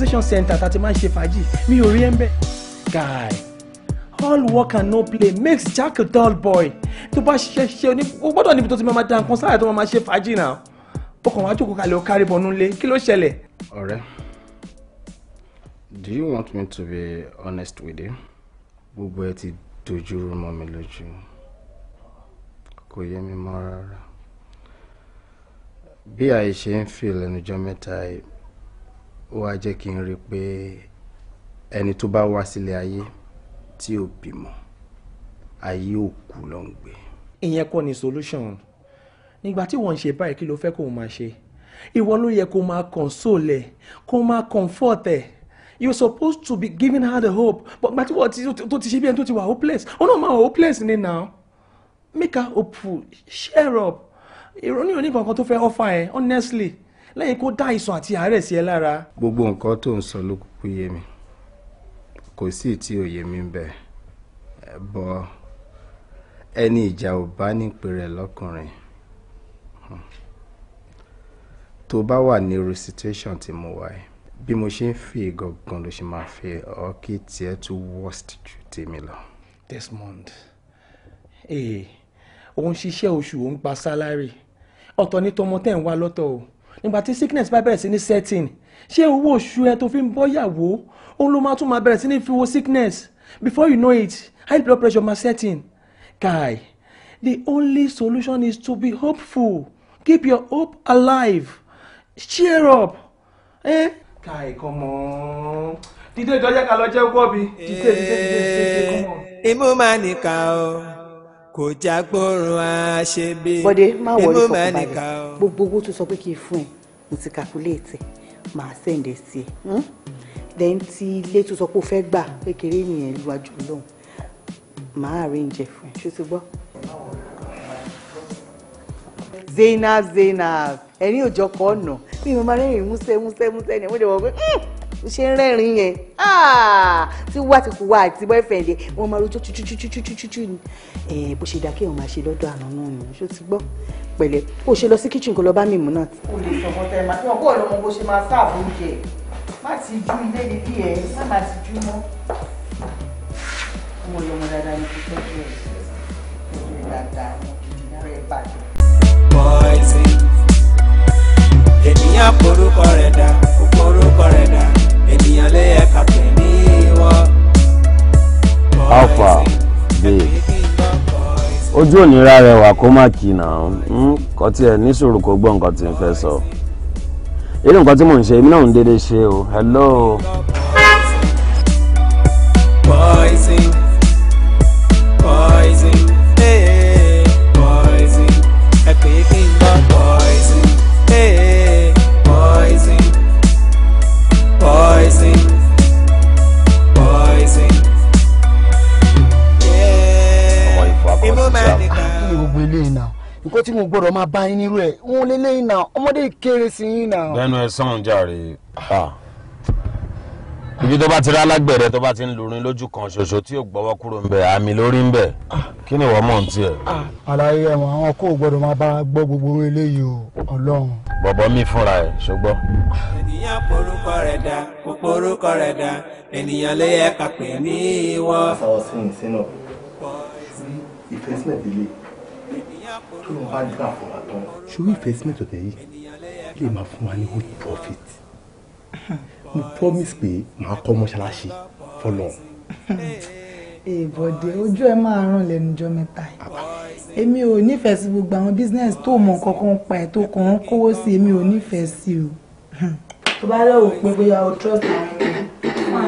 relaxation center tá máa ń ṣe fàájì mi ò rí ẹ ń bẹ. guy all work and no play makes Jack a dull boy tó bá ṣiṣẹ́ ṣiṣẹ́ oní o gbọ́dọ̀ níbi tó ti máa dán kọ́nsáyà tó máa ṣe fàájì náà o kàn wá kalẹ̀ o kárí bọ̀nú lé kí ló ṣẹlẹ̀. ọ̀rẹ́ do you want me to be honest with you gbogbo ẹ ti dojú rú mọ́ mi lójú kò yé mi mọ́ rárá bí àìṣe ń fi lẹ́nujọ́ mẹ́ta yìí ó wá jẹ́ kí n rí i pé ẹni tó bá wá sílé ayé tí ò bímọ ayé ò kú ló ń gbé. ìyẹn kọ́ ni solution nígbà tí wọ́n ń ṣe báyìí kí ló fẹ́ kó o máa ṣe ìwọ ló yẹ kó o máa console ẹ̀ kó o máa comfort ẹ̀ you're supposed to be giving her the hope but gbàtí wọ́n ti tó ti ṣe bí ẹni tó ti wà hopeless ó náà máa hopeless ni now make her hopeful share up ìrònú ìrònú kankan tó fẹ́ offer ẹ honestly lẹ́yìn kó dá ìsàn àti àárẹ̀ sí ẹ lára. gbogbo nǹkan tó ń sọ ló kúkú yé mi kò sí tí òye mi ń bẹ bọ ẹni ìjà ò bá nípìnrẹ lọkùnrin hmm. tó bá wà ní irú situation tí mo wà yìí bí mo ṣe ń fi gangan ló ṣe máa fi ọkì tiẹ̀ tún worst ju tèmi lọ. Desmond ee eh, òun ṣiṣẹ́ oṣù òun gba sálárì ọ̀tọ̀ ní tọmọ tẹ́ ń wá lọ́tọ̀ o nígbà tí sickness bá bẹ̀rẹ̀ sí ní setting ṣé owó oṣù ẹ tó fi ń bọ́yàwó òun ló máa tún máa bẹ̀rẹ̀ sí ní fi sickness before you know it high blood pressure máa setting guy the only solution is to be hopeful keep your hope alive cheer up. Eh? guy come on dídé ìdọ́jà kan lọ jẹ́ gọ́ọ̀bì dídé dídé dídé come on. imú máa nìkan o kò já gbóòórùn àṣebí bọ́dé má wọlé fọkànbalẹ̀ gbogbo owó tó sọ pé kí n fún ẹ mo ti calculate màá sẹ́ǹdẹ̀ sí ẹ hmm? then tí ilé tó sọ pé o fẹ́ gbà kékeré nìyẹn lu àjò lọ́hùn màá arrange fún ẹ ṣó ti gbọ́. Zainab Zainab ẹni òjọkọ ọ̀nà bí mo máa rẹ́rìn-ín músẹ́ ni mo lè wọ pé. Hmm, ṣe ń rẹ́rìn yẹn ah! tí wá ti kú wá àti boyfriend yẹn wọ́n máa rojọ́ tútútútútútú ni eh, bó ṣe dà kéèyàn máa ṣe lọ́dọ̀ àná náà nù ṣó ti gbọ́ pẹ̀lẹ́ kó o ṣe lọ sí kitchen kó lọ bá mi mú náà. o lè sọ̀kọ́ tẹ màá fi hàn kó o lọ́mọ bó ṣe máa sáàbù oúnjẹ má ti ju ilé ní bí ẹ má má ti ju mọ́. ọmọ ìyọmọ dáadáa ni kò tọ́jú ẹ̀ tọ́jú ẹ̀ dáadáa ni ìyá rẹ̀ bàjẹ́. bọ́ìsì ènìyàn porúkọ rẹ̀ dá òporúkọ rẹ̀ dá ènìyàn lé ẹ̀ka kìíní wọ. alpha babe ojú òníra rẹwà kó má kì í nà án hmm, kò tiẹ̀ ní sùúrù kó gbọ́ nǹkan tí n fẹ́ sọ irú nǹkan tí mò ń ṣe èmi náà ń dédé ṣe o hello. Boys in nǹkan tí mo gbọ́dọ̀ máa bá yín nírú ẹ̀ wọn lélẹ́yìn náà ọmọdé kéré sí yín náà. lẹ́nu ẹ sàn jàre ibi tó bá ti rá lágbẹ̀rẹ̀ tó bá ti ń lurin lójú kan ṣoṣo tí ò gbọ́wọ́ kúrò ń bẹ̀ àmì lórí ń bẹ̀ ah. kí ni ìwọ mọ̀ ń tiẹ̀. Ah, àlàyé ẹ̀wọ̀n àwọn kò gbọ́dọ̀ máa bá gbọ́ gbogbo eléyìí o ọlọ́run. bọ̀bọ̀ mi fúnra ẹ̀ ṣùgbọ́n. ènìyàn porúkọ rẹ̀ dá tó ló bá gbà fún wa tán. ṣùgbọ́n investment ọ̀tẹ̀ yìí lè máa fún wa ní good profit mo à pé màá kọ́ mọ́ṣáláṣí fọlọ́. ìbọ̀dé ojú ẹ máa ràn lẹ́nu jọ mẹ́ta èmi ò nífẹ̀ẹ́ sí gbogbo àwọn business tó mọ nǹkan kan pa ẹ̀ tó kàn ń kówó sí èmi ò nífẹ̀ẹ́ sí o. tó bá lọ́wọ́ pé bóyá o trust àwọn ọmọ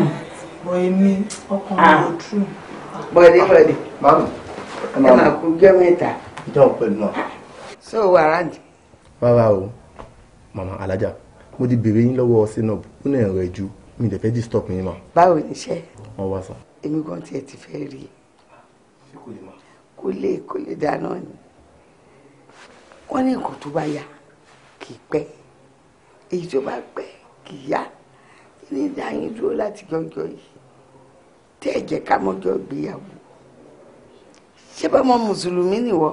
bọ̀ èmi ọkàn mi ò ah. true. bọ̀dé bọ̀dé ẹ máa kú jẹ́ mẹ́ta so around. rárá o màmá alájà mo ti béèrè yín lọ́wọ́ sinop ó náà rẹ̀ ju mi lè fẹ́ disturb yín mọ́. báwo ni iṣẹ́. wọ́n wá sàn. èmi gan tiẹ̀ ti fẹ́ rí i. kó lè kó lè dáná ni wọ́n ní nǹkan tó bá yá kì í pẹ́ èyí tó bá pẹ́ kì í yá ní ìdáyín dúró láti jọjọ yìí tẹ́ ẹ jẹ́ ká mọ́jọ gbéyàwó ṣé bá mọ mùsùlùmí nìwọ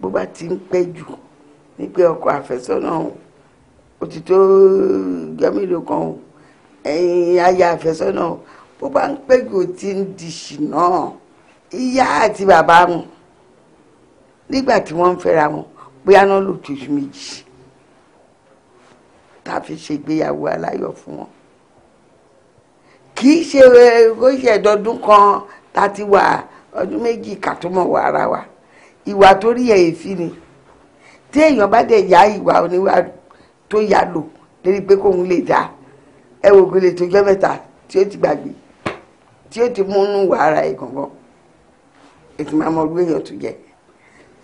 bó bá ti ń pẹ́ jù ní pé ọkọ àfẹ́sọ́nà ó ti tó gbẹ́mílò kan ẹ̀yìn aya àfẹ́sọ́nà bó bá ń pẹ́ jù ó ti ń di ṣìnà ìyá àti bàbá wọn nígbà tí wọ́n ń fẹ́ra wọn bóyá náà lò tó oṣù méjì tá a fi ṣe ìgbéyàwó aláyọ̀ fún wọn kì í ṣe kó ṣe ẹ̀dọ́dún kan tá a ti wà ọdún méjì ká tó ara wa ìwà tó rí èéfín ni tí èèyàn bá dẹ̀ yá ìwà oníwà tó yá lò lórí pé kóun lè dá ẹ wo gbélé tó jẹ́ mẹ́ta tí ó ti gbàgbé tí ó ti múnú wà ara ẹ̀ gangan ètò máa mọ ọdún èèyàn tó jẹ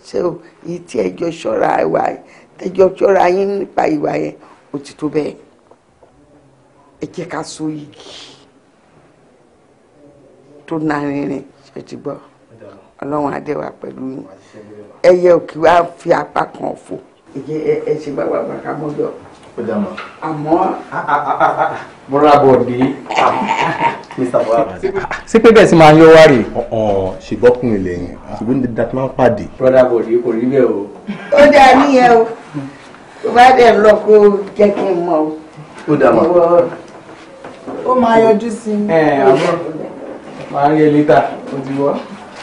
ṣé o èyí tí ẹjọ ṣọ́ra ìwà ẹjọ ṣọ́ra yín nípa ìwà yẹn ó ti tó bẹ́ẹ̀ ẹ jẹ́ ká so igi tó nárinrin ṣe ti gbọ́ ọlọ́run adé wa pẹ̀lú yín ẹyẹ òkè wa fi apá kan fò ìjẹ ẹsẹ bàbá bàkà mọjọ. ó dà mọ. àmọ́. Ah, ah, ah, bọ́lá bọ̀ dé mr bọ́lá. sí pé bẹ́ẹ̀ sì máa ń yọ wá rè. ṣùgbọ́n kún ilẹ̀ yẹn ṣùgbọ́n ní dàtí máa ń pàdé. bọ́lá bọ̀ dé kò rí bẹ́ẹ̀ o. ó dáa níyẹn o tó bá dẹ̀ lọ kó jẹ́ kí n mọ̀ o. ó dà mọ. ó máa yọjú sí i. ẹ àmọ́ màá rí ẹ létà ó ti wọ́.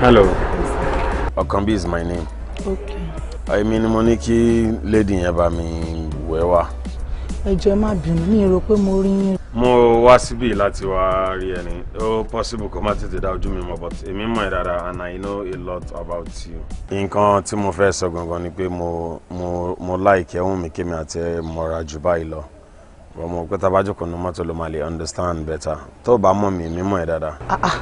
hello Okambi is my name. okay. èmi ni mo lady yẹn bá where wẹ̀ wá. ẹ jọ̀ọ́ má bínú mi rò pé mo rí yín. mo wá síbí láti wá rí ẹni ó possible kó má tètè dá ojú mi mọ̀ but èmi mọ̀ ẹ́ and i know a lot about you. nǹkan tí mo fẹ́ sọ gangan ni pé mo mo mo láìkẹ́ òun mi kémi àti ẹ̀ mọ̀ra jù báyìí lọ wọ́n mọ̀ pé tabajù ní mọ́tò ló máa lè understand better tó o bá mọ̀ mí mi mọ̀ ẹ́ dáadáa. Ah, ah,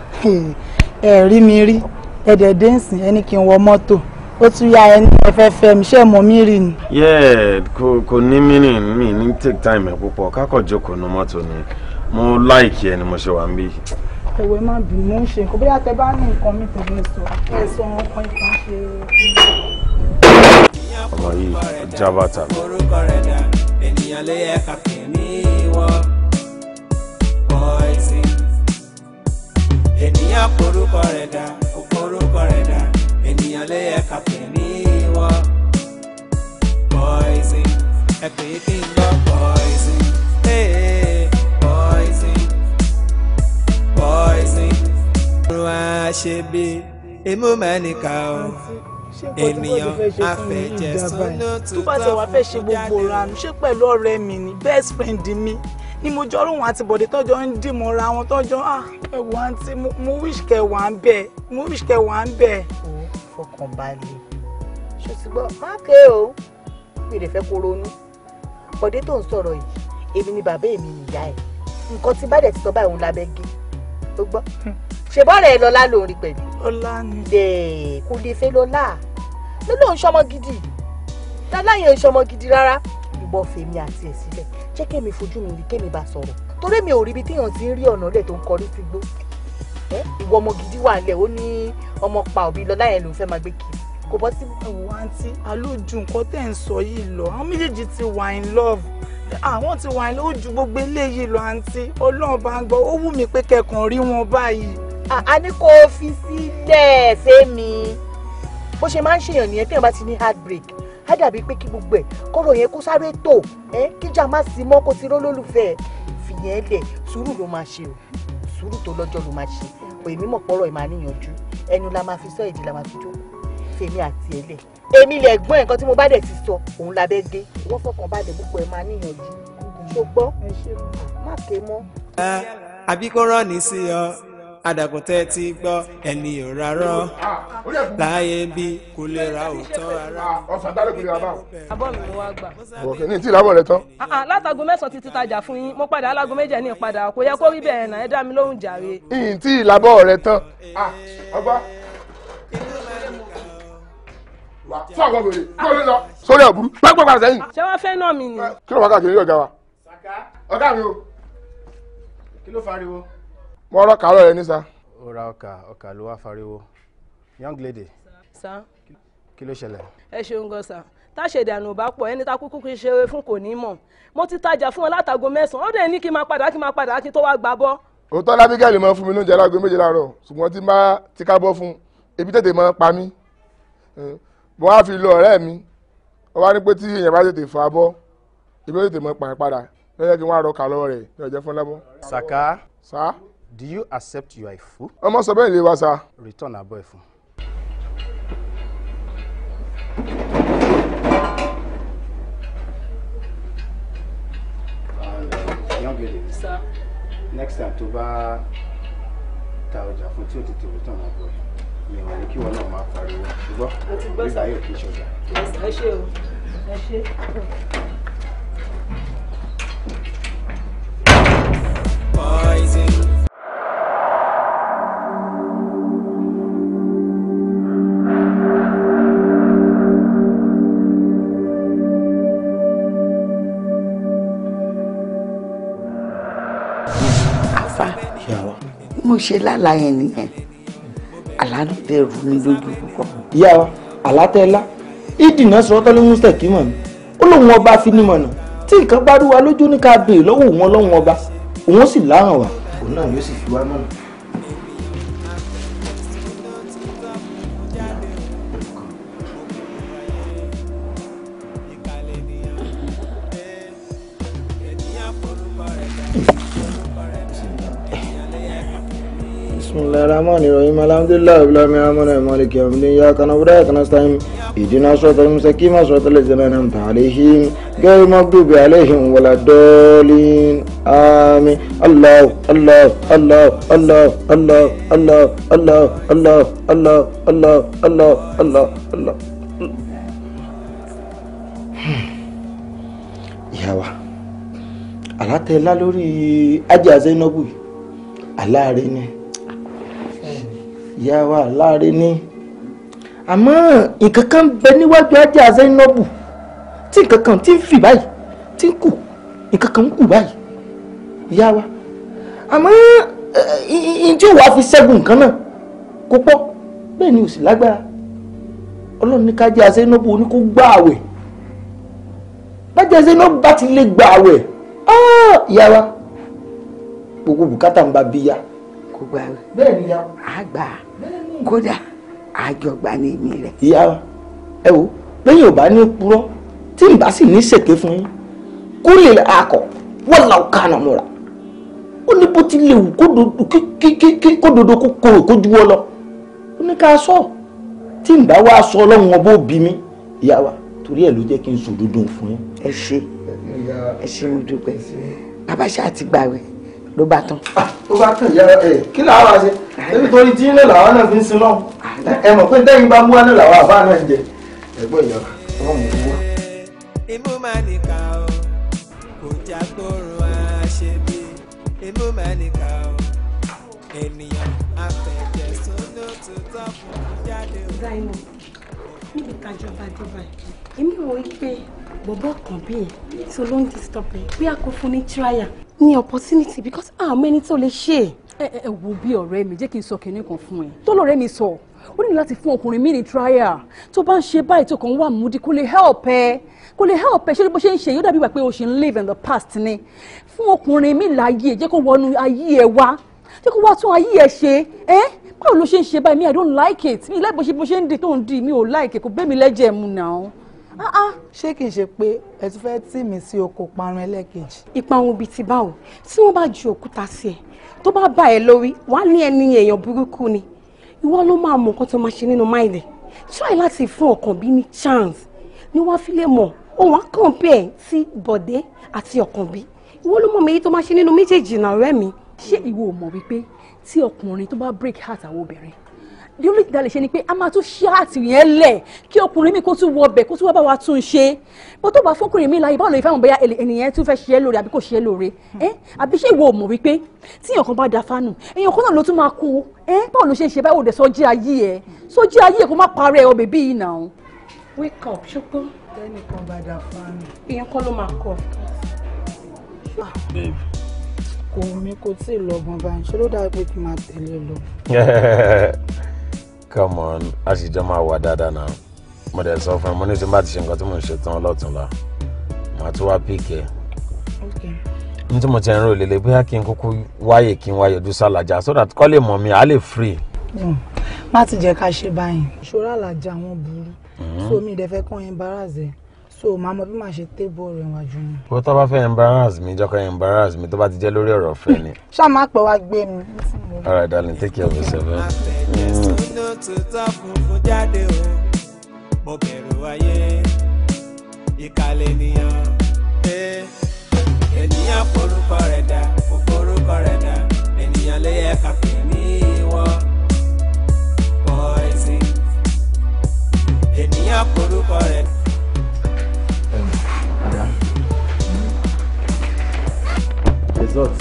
ẹ rí mi rí ẹ̀dẹ̀dẹ̀ ń sìn ẹni kí n wọ mọ́tò ó tún yá ẹni ẹ̀fẹ́ fẹ́ mi ṣé mọ̀ mí rì ni. yeah kò kò ní mínì mi ní take time ẹ púpọ̀ kákọ̀ jókòó ní mọ́tò ni mo like ẹ ni mo ṣe wà ń bí ẹwẹ má bínú mo ń ṣe nǹkan bóyá tẹ bá ní nǹkan mi tẹ̀lé sọ ẹ sọ ọ̀rọ̀ kan ṣe. ọmọ yìí jábàtà. orúkọ rẹ̀ dà ènìyàn lè kàkà miwa poison ènìyàn korúkọ rẹ̀ dà ó korúkọ rẹ̀ dà ènìyàn lè yẹ ká pè miwa poison ẹ pè é kí n gbọ́ poison ee poison poison. ọ̀run àṣebí emu mẹ́nìkà o ènìyàn àfẹ̀jẹ̀sán ló tún tọ́ jáde. ṣe gbogbo ìranù ṣé pẹ̀lú ọ̀rẹ́ mi ni best friend mi ni mo jọ rún wọn àti bọ̀dé tọ́jọ́ ń dìmọ̀ ra wọn tọ́jọ́ ah, ẹ̀wọ̀ àǹtí mo wish kẹ wà ń bẹ̀ mo wish kẹ wà ń bẹ̀. ó fọkàn balẹ̀ ṣùgbọ́n má o mi lè fẹ́ kó ronú bọ̀dé tó ń sọ̀rọ̀ yìí èmi ni bàbá èmi ìyá ẹ̀ nǹkan tí bá dẹ̀ ti sọ báyìí òun lábẹ́ gé tó gbọ́ hmm. ṣe bọ́ọ̀rẹ̀ ẹ lọ́lá lòún pẹ̀lú. ọlá ni. bẹ́ẹ̀ kò lè fẹ́ lọ́lá nílò ń ṣọmọ gidi láláyé ń gidi rárá ìwọ fèmi àti ẹ̀ sílẹ̀ jẹ́ kémi fojú mi rí kémi bá sọ̀rọ̀ torí mi ò rí ibi téèyàn ti ń rí ọ̀nà lẹ̀ tó ń kọrí sígbó ìwọ ọmọ gidi wà lẹ̀ ó ní ọmọ pa òbí lọ láyé ló ń fẹ́ máa gbé kiri kò bọ́ sí. ẹ̀wọ̀n àǹtí àlójú nǹkan tẹ̀ ń sọ yìí lọ àwọn méjèèjì ti wà in love àwọn ti wà in love ó gbogbo eléyìí lọ àǹtí ọlọ́run bá ń gbọ́ ó wù mí pé kẹkàn rí wọn báyìí. a ní fi sílẹ̀ sẹ́mi bó ṣe máa ń ṣèyàn nìyẹn téèyàn bá ti ní heartbreak á dàbí pé kí gbogbo ẹ̀ kọ́rọ̀ yẹn kó sáré tò ẹ́ kíjà má sí mọ́ kó ti rólólùfẹ́ fìyẹn lẹ̀ sùúrù ló máa ṣe o sùúrù tó lọ́jọ́ ló máa ṣe èmi mọ̀ pọ́rọ̀ ẹ̀ máa níyànjú ẹnu la máa fi sọ èdè la máa fi jókòó fèmi àti ẹ̀ lẹ̀ èmi lẹ̀ gbọ́n nǹkan tí mo bá dẹ̀ ti sọ òun labẹ́ gé wọ́n fọkàn balẹ̀ gbogbo ẹ̀ máa níyànjú ṣùgbọ́n má ké mọ́. àbí rán ní sí ọ àdàkùtẹ́ ti gbọ́ ẹni ò rárọ́ ah, ah, láàyè bí kò lè ra òótọ́ ara. Ah, ọ̀sán dálé kùnrin àbá. àbọ̀ mi mo wá gbà. òkè ní tí ìlàbọ̀ rẹ tán. látago mẹ́sàn-án ti ti tajà fún yín mo padà alágo méje ní ìpadà kò yẹ kó rí bẹ́ẹ̀ náà ẹ dá mi lóhùn jàre. ìyìn tí ìlàbọ̀ rẹ tán. ọgbà fún àwọn wèrè kí wọ́n lọ sórí ọ̀bùrú pẹ́pẹ́ padà sẹ́yìn. ṣé wọ́n fẹ́ náà mi ni. kí ló wá káàkiri ọ̀gá mo rọ kàárọ̀ rẹ ní sa. ó ra ọkà ọkà ló wá fariwo young lady. sa. kí ló ṣẹlẹ̀. ẹ ṣeun gan sa táṣẹ̀dànù bá pọ̀ ẹni tá kúkú kí ṣeré fún kò ní mọ̀ mo ti tajà fún ọ látago mẹ́sàn-án ó dẹ̀ ní kí n máa padà kí n máa padà kí n tó wá gbà bọ́. òótọ́ lábígẹ́lì máa fún mi lóúnjẹ láago méje láàárọ̀ ṣùgbọ́n tí n ti ká bọ́ fún ebi tètè máa pa mí bó wá fi lo ọ̀rẹ́ mi ó wá ní pé tí èèyàn bá tètè fà á bọ́ ebi tètè máa pààyàn padà lọ́jọ́ kí wọ́n á rọ do you accept you are a fool. ọmọ sọ bẹ́ẹ̀ lè wá sa. return abọ́ ẹ̀ fún. young lady sir. next time tó bá ta ọjà fún tí ó ti tèrè tán abọ́ ẹ̀ mi ò ní kí wọn náà máa pariwo ṣùgbọ́n nígbà yóò kí ṣọjà. ẹ poison mo ṣe lálàá yẹn nìyẹn aládùúgbò rú mi lójú púpọ̀. ìyá wa àlátẹ́lá ìdìnnà sọ ọ́ tọ́lẹ́mú sẹ̀kí mọ̀ mi ó lóun ọba finimọ̀nà tí nǹkan bá rú wa lójú ní ká béèrè lọ́wọ́ òun ọlọ́run ọba òun sì láràn wá òun náà yóò sì fi wá mọ̀nà. bismillahirrahmanirrahim alhamdulillahi rabbil alamin arrahman arrahim maliki yawmiddin iyyaka na'budu wa iyyaka nasta'in ihdina as-siratal mustaqim siratal ladzina an'amta alaihim ghayril maghdubi alaihim waladdallin amin allah allah allah allah allah allah allah allah allah allah allah allah allah ìyàwó àlátẹ̀lá lórí ajá zainabu aláàrẹ ni ìyá wa láre ní àmọ́ nǹkan kan bẹ níwájú ajá Zainabu tí nǹkan kan ti ń fì báyìí tí ń kù nǹkan kan ń kù báyìí ìyá wa àmọ́ ìjọ wa fi ṣẹ́gun nǹkan náà kó pọ̀ bẹ́ẹ̀ ni ò sì lágbára ọlọ́run ní kájá Zainabu ní kó gbá àwẹ̀ bájá Zainabu bá ti lè gbá àwẹ̀ ìyá wa gbogbo bùkátà ń bá bí ya kò gbà bẹ́ẹ̀ ni ya á gbà á kódà àjọgbà ni èmi rẹ. ìyá ẹ wo lẹ́yìn ò bá ní purọ́ tí n bá sì ní ṣèké fún yín kó lè akọ wọ́n la ọ̀ka àná mọ́ra ó ní bó ti lè wù kó dodo kó korò kó juwọ́ lọ ó ní ká sọ tí n bá wá sọ ọlọ́run ọba òbí mi ìyá wa torí ẹ̀ ló jẹ́ kí n sùn dúdú fún yín. ẹ ṣe ẹ ṣe mo dúpẹ́ bàbá ṣáà ti gbà wẹ̀ ló bá tán. ló ah, bá tán ìyá ẹ kí làá wá ṣe nítorí tí ilé làwọn náà fi ń sin náà ẹ mọ̀ pé tẹ́yìn bá mú alẹ́ làwọn àbá náà ń jẹ ẹ̀gbọ́n ìyá ọmọ mi imú máa nìka o kò já gbòòrò àṣebí imú máa nìka o ènìyàn afẹ̀jẹ̀sọ́nà tó tọ́ fún jáde o. níbi kájọba jọba èmi wò ó pé bọ̀bọ̀ kan bí yẹn tó ló ń ẹ bí a kò fún ní tíráyà ní opportunity because àwọn ẹni tó lè ṣe é ẹ ẹ wo bí ọ̀rẹ́ mi jẹ́ kí n sọ kinní kan fún ẹ tó lọ́rẹ́ mi sọ ó ní láti fún ọkùnrin mi ní trial tó bá ń ṣe báyìí tó kàn wà múdi kó lè help ẹ kó lè help ẹ ṣé bó ṣe ń ṣe yóò dàbí wà pé o ṣì ń live in the past ni fún ọkùnrin mi láàyè jẹ́ kó wọnú ayé ẹ wá jẹ́ kó wá tún ayé ẹ ṣe ẹ́ báwo ló ṣe ń ṣe báyìí mi i don't like it mi láì bó ṣe bó ṣe ń di tó ń di mi ò like it kò bẹ́ mi lẹ́jẹ̀ mu náà. Ah, ah. ṣé kìí ṣe pé ẹ tún fẹ́ tì mí sí oko parun ẹlẹ́ẹ̀kejì. ìparun bíi ti báwo tí wọ́n bá ju òkúta sí ẹ tó bá bá ẹ lórí wàá ní ẹni èèyàn burúkú ni ìwọ ló máa mọ nǹkan tó máa ṣe nínú máìlì try láti fún ọkàn bí ní chance ni wọ́n fi lè mọ̀ òun á kàn bẹ́ẹ̀ sí bọ̀dé àti ọkàn bí ìwọ ló mọ̀ mi èyí tó máa ṣe nínú méjèèjì náà rẹ́ mi. ṣé ìwọ mọ̀ wípé tí ọkùnrin tó bá break heart àwọn obìnrin the only thing that ṣe ni pé a máa tún ṣí àtì yẹn lẹ̀ kí ọkùnrin mi kó tún wọ ọbẹ̀ kó tún wá bá wa tún ṣe bó tó bá fọkùnrin mi láyé báwo lè fẹ́ràn bóyá ènìyàn tún fẹ́ ṣe é lóore àbí kò ṣe é lóore àbí ṣé ìwọ ò mọ̀ wípé tí èèyàn kan bá da fánù èèyàn kan náà ló tún máa kú báwo ló ṣe ń ṣe báwo dẹ̀ sọjí ayé ẹ̀ sọjí ayé ẹ̀ kó má parẹ́ ọ bèbí yìí náà. wake up ṣùgbọ́n. tẹ́nìkan bá da fánù. èèyàn kan ló máa babe kò mí kò tí ì lọ gan báyìí ṣé ló dáa pé kí n máa tẹ̀lé lọ. come on a sì jọ máa wà dáadáa náà mo dẹ̀ sọ fún ẹ mo ní tí n bá ti ṣe nǹkan tí mo ń ṣe tán lọ́túnla màá tún wá píìkì ẹ. n tí mo ti ń rò lélẹ̀ bóyá kí n kúkú wáyè kí n wáyè ojú sálàjà so that kọ́ lè mọ̀ mi à á lè free. Hmm. má ti jẹ́ ká ṣe báyìí ṣòro àlàjà wọn burú hmm. sómi ìdẹ́fẹ́ kan embarrass ẹ̀ so màá mọ bí màá ṣe tébù rẹ̀ wájú mi. bó tó bá fẹ́ embarrass mi jọ́kọ́ embarrass mi tó bá ti jẹ́ lórí ọ̀rọ̀ ọ̀fẹ́ ni. ṣá máa pẹ́ wá gbé mi. all right darling take care of yourself. inú tuntun funfun jáde eh? o mo mm. bẹ̀rù ayé ìkàlẹ̀ ènìyàn ènìyàn forúkọ rẹ̀ dà forúkọ rẹ̀ dà ènìyàn lè kàpẹ́ ní ìwọ ènìyàn forúkọ rẹ̀ dà. result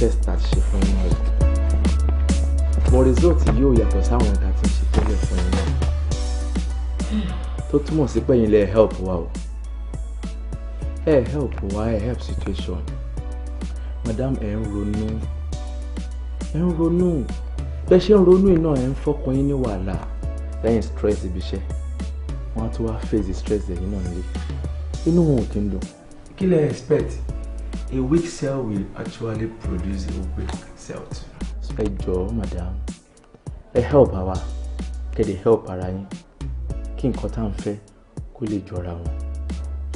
test àti ṣe fún yín rẹ̀ but result yóò yàtọ̀ sáwọn ìta tí ń ṣe tẹ́lẹ̀ fún yín náà tó túmọ̀ sí pé yín help wa o ẹ help wa ẹ help situation madam ẹ ń ronú ẹ ń ronú bẹ́ẹ̀ ṣe ń ronú iná ẹ ń fọkàn yín ní wàhálà lẹ́yìn stress ibi iṣẹ́ wọ́n á tún wá face the stress ẹ̀yìn náà nílé inú wọn ò kí ń dùn. kí lẹ expect a weak cell will actually produce a weak cell too. ẹ jọ̀ọ́ madam ẹ help àwa kẹ́dẹ̀ help ara yín kí nǹkan tá à ń fẹ́ kó lè jọra wọn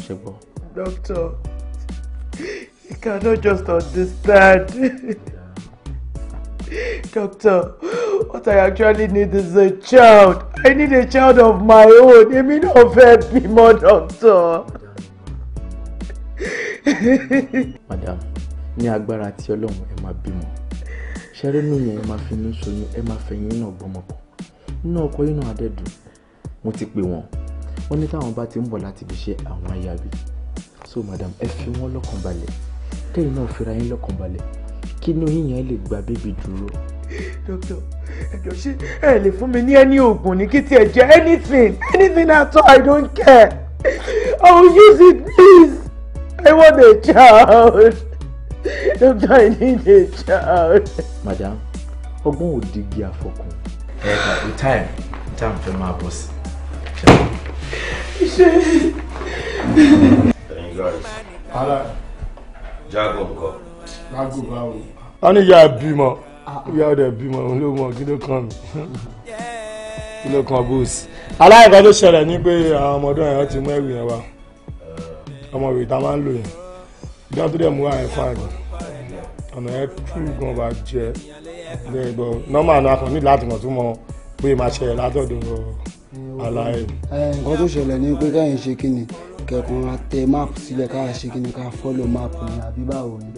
ṣe gbọ́. doctor you cannot just understand doctor what I actually need is a child I need a child of my own èmi náà fẹ́ bímọ doctor. madam ní agbára tí ọlọ́run ẹ máa bímọ ṣẹ́rí inú yẹn ẹ máa fi inú ṣoyún ẹ máa fẹ̀yìn náà gbọ́mọ pọ̀ inú ọkọ yìí náà adẹ́dùn mo ti pè wọ́n wọ́n ní táwọn bá ti ń bọ̀ láti fi ṣe àwọn ayábí so madam ẹ fi wọ́n lọ́kàn balẹ̀ kẹ́yìn náà fira yín lọ́kàn balẹ̀ kí inú yín yẹn lè gba bébì dúró. dókítà ẹjọ ṣé ẹ lè fún mi ní ẹni oògùn ní kí tiẹ̀ jẹ́ anything anything at all i don't care i will use it please. I want a child. Doctor, I need a child. Madam, ọgbọ́n we dig here for you? ní time time for my bọ̀ sí. Ṣé. Ẹyin guys. Ara. Jago nǹkan. Jago báwo. A ní ìyá bímọ. Ìyá ọ̀dẹ̀ bímọ òun ló mọ kí ló kàn mí. Kí ló kàn bóòsì. Aláìkan tó ṣẹlẹ̀ ní pé àwọn ọmọdé ọ̀yàn ti mú ẹ̀rù yẹn wá ọmọ ìwé tá a máa ń lò yẹn ìdá tó dẹ̀ mú àyẹn fún àgbọn ọ̀nà ẹ tú gan bá jẹ ní ẹgbọ́ nọ́mà náà kàn ní láti mọ̀ tó mọ pé máa ṣe látọ̀dọ̀ aláì. nǹkan tó ṣẹlẹ̀ ni pé káyìn ṣe kí ni kẹ̀kùn àtẹ máàpù sílẹ̀ káà ṣe kí ni ká fọ́lọ̀ máàpù ni àbí báwo ni.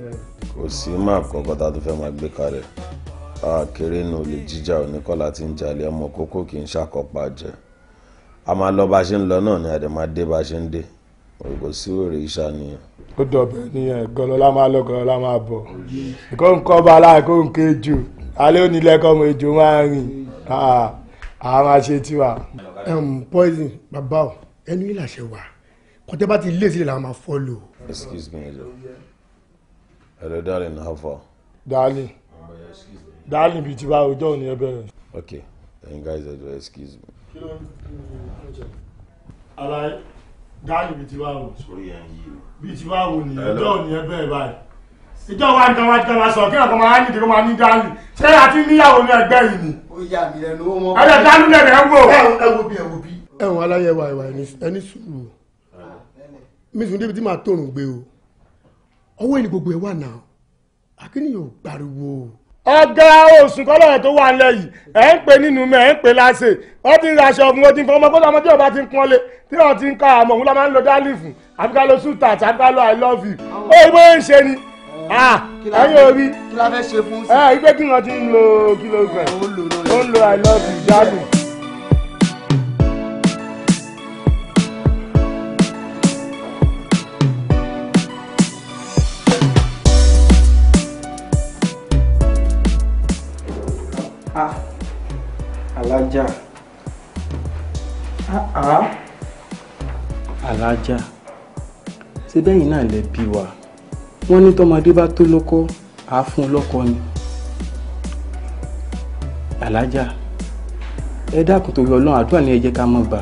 kò sí máàpù kankan tá a tó fẹ́ máa gbé kalẹ̀ kéré nu olè jíjà oníkọ́lá tí ń jalè ọmọ kókó kì í ṣàkópa jẹ a máa lọ bá a ṣe ń lọ náà ni àdè máa dé bá a ṣe ń dé ògò sí wèrè iṣà nìyẹn. ó dọ̀bẹ̀ nìyẹn gọlọ́lá máa lọ gọlọ́lá máa bọ̀ kó ń kọ́ bá aláàkó ń ké alẹ́ òní lẹ́kọ́ ọmọ ejò máa rìn àá ah, máa ṣe tiwa. poison bàbá o ẹnu yìí làṣẹ wà kọjá bá ti lé sílẹ̀ làwọn máa fọ́lò. excuse me ẹjọ hello darling how far. darling darling bíi ti bá òní ẹ bẹ̀rẹ̀. okay then guys ẹjọ excuse me. kí ló ń kí ló ń dáhùn ibi tí wàá wò. sórí ẹ̀ ń yí mi. bí tí wàá wò nìyẹn ìjọ ò ní ẹ bẹ́ẹ̀ báyìí. ìjọ wa ń gan wa gan wa sọ kí ọkọ máa ní ìdíkọ máa ní dáhùn ṣé àti níyàwó ní ẹgbẹ́ yìí ni. ó yà mí lẹ́nu ó mọ. ẹ lè dánú lẹ́nu ẹ wò. ẹ wo bí ẹ wo bí. ẹ̀wọ̀n aláyẹ̀ wà ìwà ẹni sùúrù mi sùn débi tí màá tòrùn gbé o ọwọ́ ẹni gbogbo ẹ wà náà akínníyàn ò pariwo o ọ̀gá òsùn kọ́lọ́rẹ̀ tó wà nílẹ̀ yìí ẹ̀ ń pè nínú mẹ́ ẹ̀ ń pè láṣẹ ọ ti ń raṣọ ọ̀gbun ó ti ń fọ ọmọ kódà ọmọdé ọba ti ń pọ́nlé tí wọ́n ti ń ka àmọ̀ òun la máa ń lo dálífù àbí ká lo sútà àbí ká lo i love you ó ìwé ń ṣe ni ẹ̀yìn orí ẹ̀ ìgbé kí wọ́n ti ń lo kìlógírẹ̀ ó ń lo i love you jáde. alájà ṣé bẹ́yìn náà lẹ bí wa wọ́n ní tọmọdé bá tó lọ́kọ àá fún un lọ́kọ ni alájà ẹ dákun torí ọlọ́run àdúrà ni ẹ jẹ́ ká mọ̀ gbà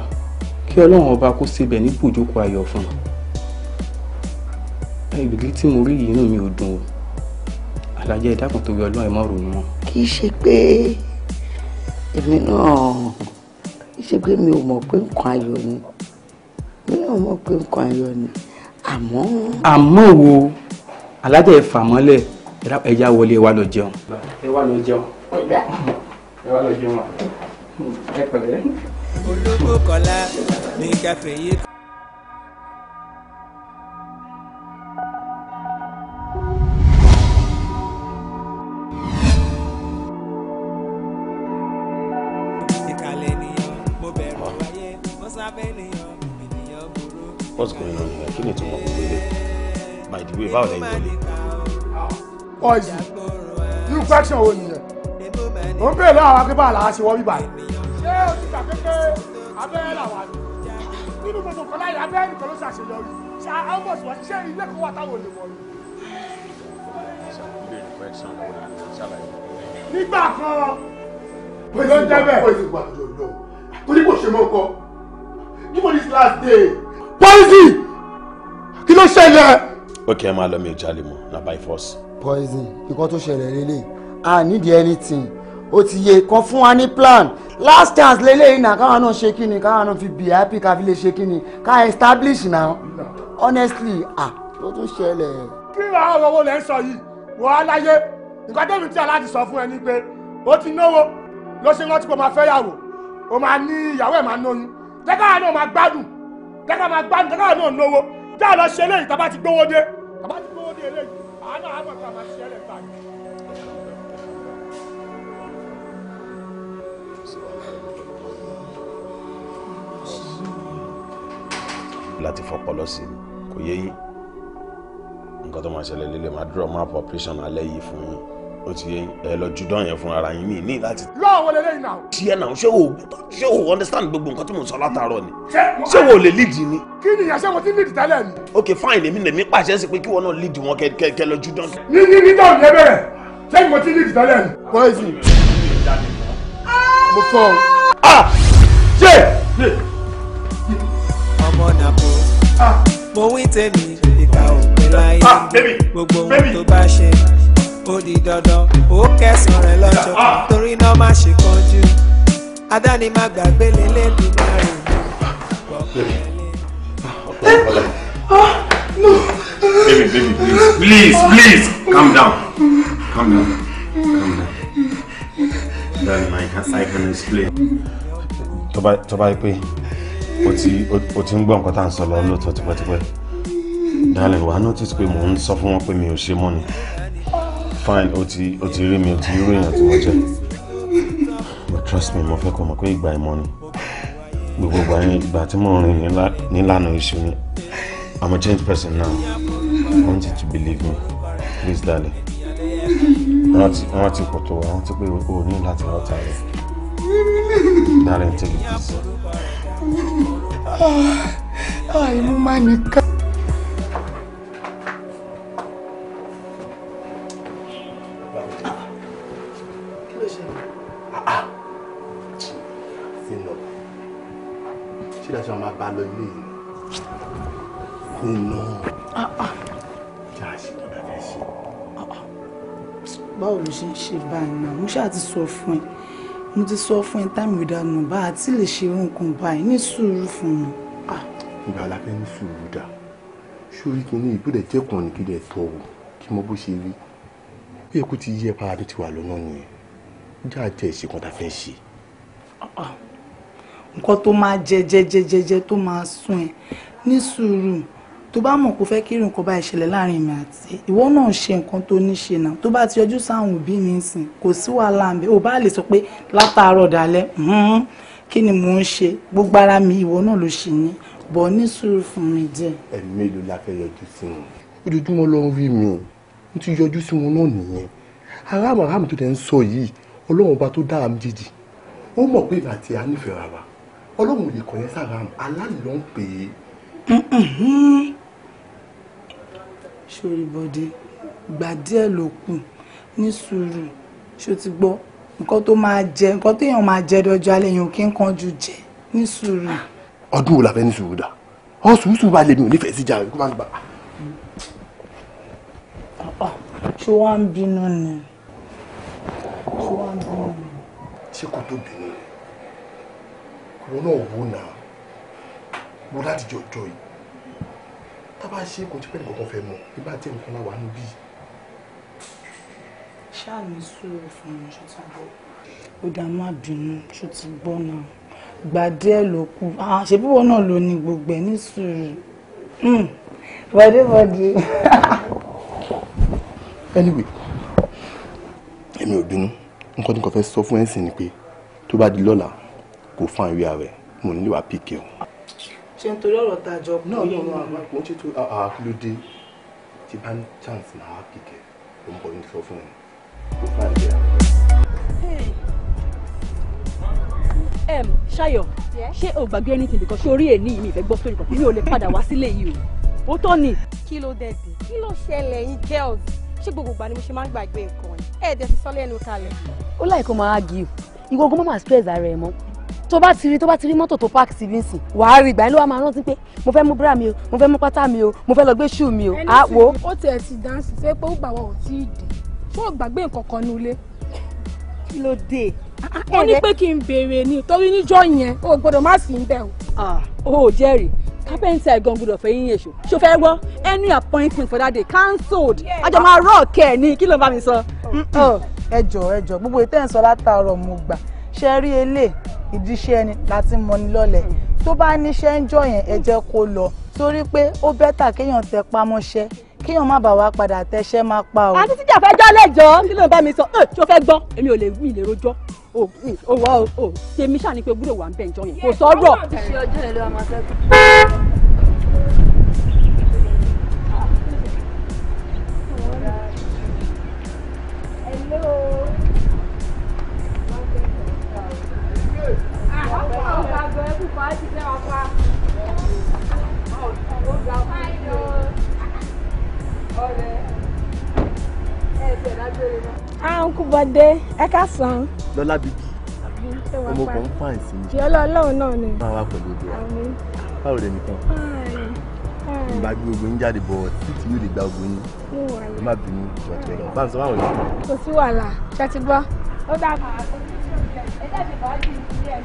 kí ọlọ́run ọba kó sebẹ̀ ní bùjókòó ayọ̀ fún un ìrírí tí mo rí yìí inú mi ò dùn o alájà ẹ dákun torí ọlọ́run ẹ má ronú mọ́. kì í ṣe pé èmi náà kì í ṣe pé mi ò mọ̀ pé nǹkan ayọ̀ ni náà mọ̀ pé nǹkan ayọ̀ ni àmọ́. àmọ́ wo alájà ẹ fà mọ́lẹ̀ ẹ wọlé ẹ wá lọ jẹun. ẹ wá lọ jẹun. ẹ wá lọ jẹun. ẹ pẹ̀lẹ́. olóko kọlá ní kẹfẹ yìí. báwo lẹ́yìn wọlé. ọ̀yì irú question wo nìyẹn mo ń bèèrè lọ́wọ́ àwọn akébà làá ṣe wọ́n bíbà yìí. ṣé o ti gbà pé abẹ́rẹ́ làwọn àná nínú gbogbo nǹkan láyé abẹ́rẹ́ nìkan ló ṣàṣeyọrí ṣe àwọn bọ̀sù wá ṣiṣẹ́ ilé kan wà táwọn olè wọlé. nígbà kan pẹ̀lú ọjọ́ bẹ́ẹ̀. kò kò ṣe mọ́ nǹkan níbo ni last day. poison kí ló ṣẹlẹ̀ okay ẹ máa lọ mi ò jalè mọ́ na by force. poison nǹkan tó ṣẹlẹ̀ lélẹ̀ a need anything ó ti yẹ kan fún wa ní plan last chance lélẹ́yìn náà káwọn náà ṣe kíni káwọn náà fi bí happy káfi lè ṣe kíni ká establish now honestly ah ló tún ṣẹlẹ̀. kí ni àwọn owó lẹ́ ń sọ yìí wọ́n á láyé nǹkan tẹ́mi tí aláàdì sọ fún ẹ ni pé ó ti náwó ló ṣe rántí pé ó máa fẹ́ yàwó ó máa ní ìyàwó ẹ̀ máa nóyún jẹ́ káwọn náà máa gbádùn jẹ́ káwọn máa gbádùn jẹ́ káwọn náà náwó jẹ́ àlọ́ ṣe eléyìí tá a bá ti gbówó dé bàbá ti gbówó ní eléyìí àánú àánú àti àmà ṣiṣẹ́ lẹ̀ báyìí. láti fọpọlọ sí i kò yé yín nǹkan tó máa ṣẹlẹ̀ lélẹ̀ máa dúró map operation alẹ́ yìí fún yín ó ti yé ẹ lọ ju yẹn fún ara yín mi ní láti. lọ́wọ́ lè lẹ́yìn náà. tiẹ̀ náà ṣé o ṣé o understand gbogbo nǹkan tí mo sọ látàárọ̀ ni ṣé o lè lead ni. kí ni ìyàsẹ́ wọn ti lead tẹ́lẹ̀ ni ok fine èmi lèmi pàṣẹ sí pé kí wọn náà lead wọn kẹkẹ lọjú dán. ní ní ní táwọn yẹn bẹ̀rẹ̀ sẹ́yìn mo ti lead tẹ́lẹ̀ ni. poison mo fọ ọ. ṣe ọmọ nàbọ ah! mo wí tèmi ìka òpin láyé ah, gbogbo ohun tó bá ṣe ó di dandan ó kẹsàn-án rẹ lọ́jọ́ ah! torí náà má ṣe kánjú adáni gbàgbé lélẹ́dùn márùn-ún baby, baby, please, please, please, calm down, calm down, calm down. Darling, I can, I can explain. Tó bá, tó bá yẹ pé o ti, o sọ lọ lóòótọ́ tipẹ́tipẹ́. Darling, wàá notice pé mò ń sọ fún wọn pé mi ò ṣe mọ́ ni. Fine, o ti, o ti rí mi, o ti mo jẹ́. But trust me, mo fẹ́ kọ́ mọ̀ pé ìgbà ìmọ̀ ni. Gbogbo ìgbà yẹn, ìgbà tí mo rìn nílànà iṣu ni. I'm a changed person now. I want you to believe me. Please, darling. wọ́n ti pọ̀ tó wa wọ́n ti pé o ní láti wọ́n ta rẹ̀. Darling, take it easy. Àìmú ah, ah, máa nìkan. ṣe báyìí náà mo ṣáà ti sọ fún ẹ mo ti sọ fún ẹ táìmù ìdáná bá a ti lè ṣe irú nǹkan báyìí ní sùúrù fún mi. Ah. ìgbà la fẹ́ ní sùúrù dà sórí kìíní ìbúdẹ̀ jẹ́kùn ní kílẹ̀ tọ̀ ọ́ kí mo bó ṣe rí bí èkó ti yẹ para tó ti wà lọ́nà nìyẹn já jẹ́ ìṣègùn tá a fẹ́ ṣe. Ah, ah. nǹkan tó máa jẹ jẹjẹjẹjẹ tó máa sún ẹ ní sùúrù tó bá mọ̀ kó fẹ́ kí irun kan bá ìṣẹ̀lẹ̀ láàrin mi àti ìwọ náà ṣe nǹkan tó ní ṣe náà tó bá ti yọjú sáwọn òbí mi sìn kò sí wàhálà mi ò bá lè sọ pé látàárọ̀ dalẹ́ kí ni mò ń ṣe gbogbo ara mi ìwọ náà ló ṣì ní bọ̀ ní sùúrù fún mi díẹ̀. ẹ̀mí mélòó la fẹ́ yọjú sí wọn ojoojúmọ́ ló ń rí mi o n ti yọjú sí wọn náà nìyẹn aráàmù aráàmù tó tẹ̀ ń sọ yìí ọlọ́run ọba tó dára mi jìjì ó mọ̀ pé ìgbà tí a nífẹ̀ẹ́ ra wa ọlọ́run ò lè kọ̀ yẹn sára aláàlú ló ń pè é ṣòrìbọ̀dé gbà díẹ̀ ló kù ní sùúrù ṣó ti gbọ́ nǹkan tó máa jẹ nǹkan téèyàn máa jẹ dọjọ́ alẹ́ yẹn ò kí ń kanjú jẹ ní sùúrù. ọdún wo la fẹ́ ní sùúrù dà ọ sùúrù bá lè mi ò nífẹ̀ẹ́ sí jà kó má gbà. ṣé wàá ń bínú ni ṣé wàá ń bínú ni. ṣé kò tó bínú ni kò náà wò náà mo láti jọjọ yìí tábà ṣe kò tí pẹ́ nìkan fẹ́ mọ̀ nígbà tí nìkan náà wà nù bí. ṣáà mi sùúrù fún mi ṣó ti gbọ́. ó dá má bínú ṣó ti gbọ́ náà gbà díẹ̀ ló kù ṣe bíwọ náà ló ní gbogbo ẹ̀ ní sùúrù hmm. bọ́débọ́dé. anyway èmi ò bínú nǹkan tí nǹkan fẹ́ sọ fún ẹ̀sìn ni pé tó bá di lọ́la kò fún àríwá rẹ̀ mo nílò wá o ṣe nítorí ọ̀rọ̀ tá jọ pé. náà náà máa kò ń ṣe tó àkílódé tí bá ń chance náà á kìkẹ́ ló ń bọ̀ ní sọ fún ẹ ṣayọ ṣé o gbàgbé anything because ṣé orí ẹ ní ìmì ìfẹ́ gbọ́ sórí kankan mi ò lè padà wá sílé yìí o ó tọ́ ni. kí ló dé dé kí ló ṣẹlẹ̀ yín girls ṣé gbogbo ìgbà ni mo ṣe máa ń gbàgbé nǹkan ẹ̀ ẹ̀ dẹ̀ ti sọ lẹ́nu kalẹ̀. ó láì kó máa gí ìwọ ogun mọ́ máa stress ara ẹ mọ́ tó bá ti rí tó bá ti rí mọ́tò tó park síbi nsìn wàá rí ìgbà yẹn ló wà máa rántí pé mo fẹ́ mú bra mi o mo fẹ́ mú pátá mi o mo fẹ́ lọ gbé ṣù mi o. ẹni tí ó tiẹ̀ ti dáǹsì ṣe pé ó gbàwọ̀ ò tí ì dé tó o gbàgbé ní ilé. kí ló dé. ó ah, ní pé kí n béèrè ni torí níjọ́ yẹn o gbọ́dọ̀ má sí níbẹ̀ o. Ah, o ò jẹ́rìí kápẹ́ǹtì àìgàn gbọdọ̀ fẹ́ yín èso ṣó fẹ́ gbọ́ any appointment for that day cancelled àjọ máa rọ̀ kẹ́ ẹ̀ ní kí ló ń bá mi sọ. Oh, ẹ jọ ẹ jọ gbogbo ètò ẹ̀ ń sọ látàárọ̀ mo gbà ṣe rí elé ìdíṣẹ́ ni láti mọni lọ́lẹ̀ hmm. tó bá níṣẹ́ ń jọ yẹn ẹ hmm. jẹ́ lọ torí pé ó bẹ́tà kéèyàn tẹ pamọ́ṣẹ́ kéèyàn má bàa wá padà tẹṣẹ́ má pa o. àti tíjà fẹ́ jọ́ lẹ́jọ́ kí ló ń bá mi sọ ẹ tí o fẹ́ gbọ́ èmi ò lè wí ìlérò jọ́ o o o tèmi ṣàní pé gbúdọ̀ wà ń bẹ̀ ń jọ yẹn kò sọ̀rọ̀. bọ́dé ẹ ká san. lọ́lá bíbí ọmọ kan ń pa ìsìn jù. ìyọ́lọ́ ọlọ́run náà ni. máa wá pẹ̀lú òde wa báwo lè nìkan. ìgbà gbé ogun yín jáde bọ̀ títí yóò lè gba ogun yín. ẹ má bínú ìjọba lọ bá ń sọ báwọn yìí. kò sí wàhálà ṣe ti gbọ́ ó dáa kàn án kó ẹ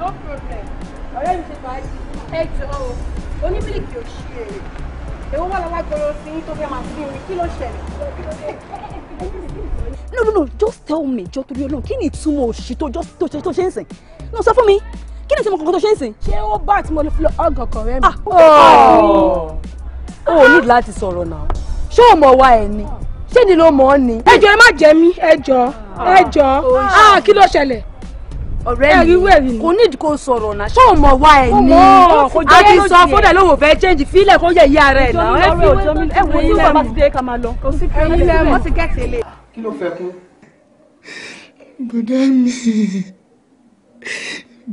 no problem ẹ jọ o onímìlìkì ò ṣí èrè èwo wà lálágbọ́rọ̀ sí yín tó fẹ́ máa fi mi kí ló ṣẹlẹ̀ no no no just tell me jọ torí Ọlọ́run kí ni ìtumọ̀ òṣì tó jọ tó ṣe ń sìn no so fún mi kí ni ìtumọ̀ kankan tó ṣe ń sìn. ṣé ó bá àti mo lè fi lọ ọgàn kan rẹ mi. Ah, oh! o ò ní láti sọ̀rọ̀ náà ṣé o mọ̀ wá ẹ̀ ni ṣé ni ló mọ̀ ọ́ ni. ẹ jọ ẹ má jẹ mí ẹ jọ ẹ jọ ọ̀rẹ́ mi kò ní ìdíkò sọ̀rọ̀ náà ṣé o mọ̀ wá ẹ̀ ni a ti sọ fúnlẹ̀ ló wò fẹ́ change fílẹ̀ kó yẹ ìyá rẹ̀ náà ẹ fi ẹ wò ní ìwà ti dé ká máa lọ kò sí pé ilé wọn ti kẹ́tì lé. kí ló fẹ́ kú. bọ̀dé mi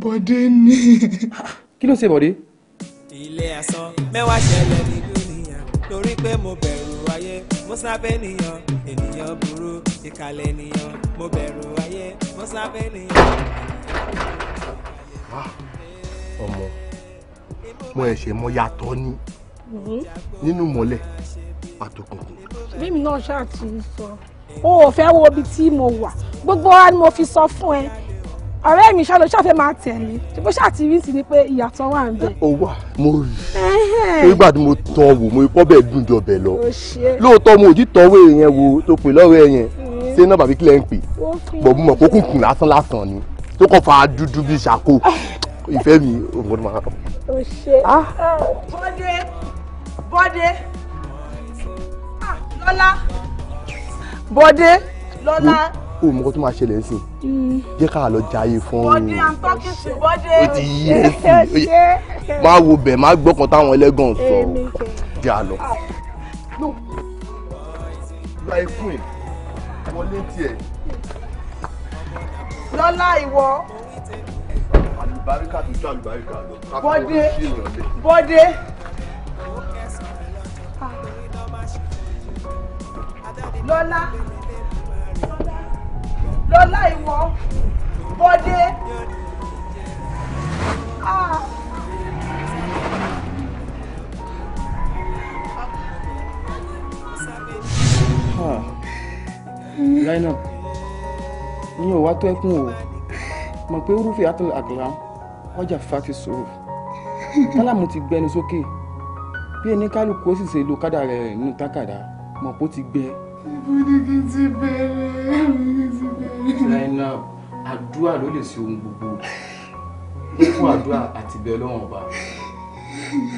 bọ̀dé mi. kí ló ṣe bọ̀dé. ilé asán mẹ́wàá ṣẹlẹ̀ nílùú nìyà torí pé mo bẹ̀rẹ̀ ayé mo sábẹ́ nìyàn ènìyàn burú ìkàlẹ̀ nìyàn mo bẹ̀rù ayé mo sábẹ́ nìyàn. Ah, ọmọ mo ẹ̀ṣẹ̀ mo yàtọ̀ ni mm-hmm. nínú mọ́lẹ̀ àtòkùnkùn. bímí náà ṣáà ti sọ o ò fẹ́ wo ibi tí mo wà gbogbo wa ni mo fi sọ fún ẹ ọ̀rẹ́ mi ṣáà ló ṣáà fẹ́ máa tẹ̀lé bó ṣáà ti rí sí ni pé ìyàtọ̀ wà ń bẹ. ó wà mo rí nígbà tí mo tọ́ wò mo kọ́ bẹ́ẹ̀ gùn jọ bẹ̀ lọ lóòótọ́ mo ò jí tọ́wọ́ èèyàn wo tó pè lọ́wọ́ èèyàn mm. ṣé náà bàbí kílẹ̀ ń pè bọ̀ mo mọ̀ kó kùnkùn lásán lásán ni tó kọ́ fa dúdú bíi ṣàkó ìfẹ́ mi òun máa. o ṣe ah. bọ́dé bọ́dé ah, lọ́lá bọ́dé lọ́lá o mọ̀ tó máa ṣẹlẹ̀ sí mm. jẹ́ ká lọ jayé fún un o ti yí ẹ sí máa wo bẹ̀ máa gbọ́kàn táwọn ẹlẹ́gàn sọ jẹ́ a lọ. ra ah. lọ́lá ìwọ. bọ́dé bọ́dé. Ah. lọ́lá lọ́lá ìwọ bọ́dé. láìnà ìyẹn ò wá tó ẹkún o mọ̀ pé rúfin àtúntò àgàlà ọjà fati sòrò tálàmù ti gbẹnu sókè bí ẹni kálukú ó sì ṣe lo kádà rẹ̀ nínú tákàdá mọ̀ pé ó ti gbẹ ibo ni kí n ti bẹ̀rẹ̀ ibo ni kí n ti bẹ̀rẹ̀. Zainab àdúrà ló lè ṣe ohun gbogbo fún àdúrà àti ìbẹ̀ ọlọ́run ọba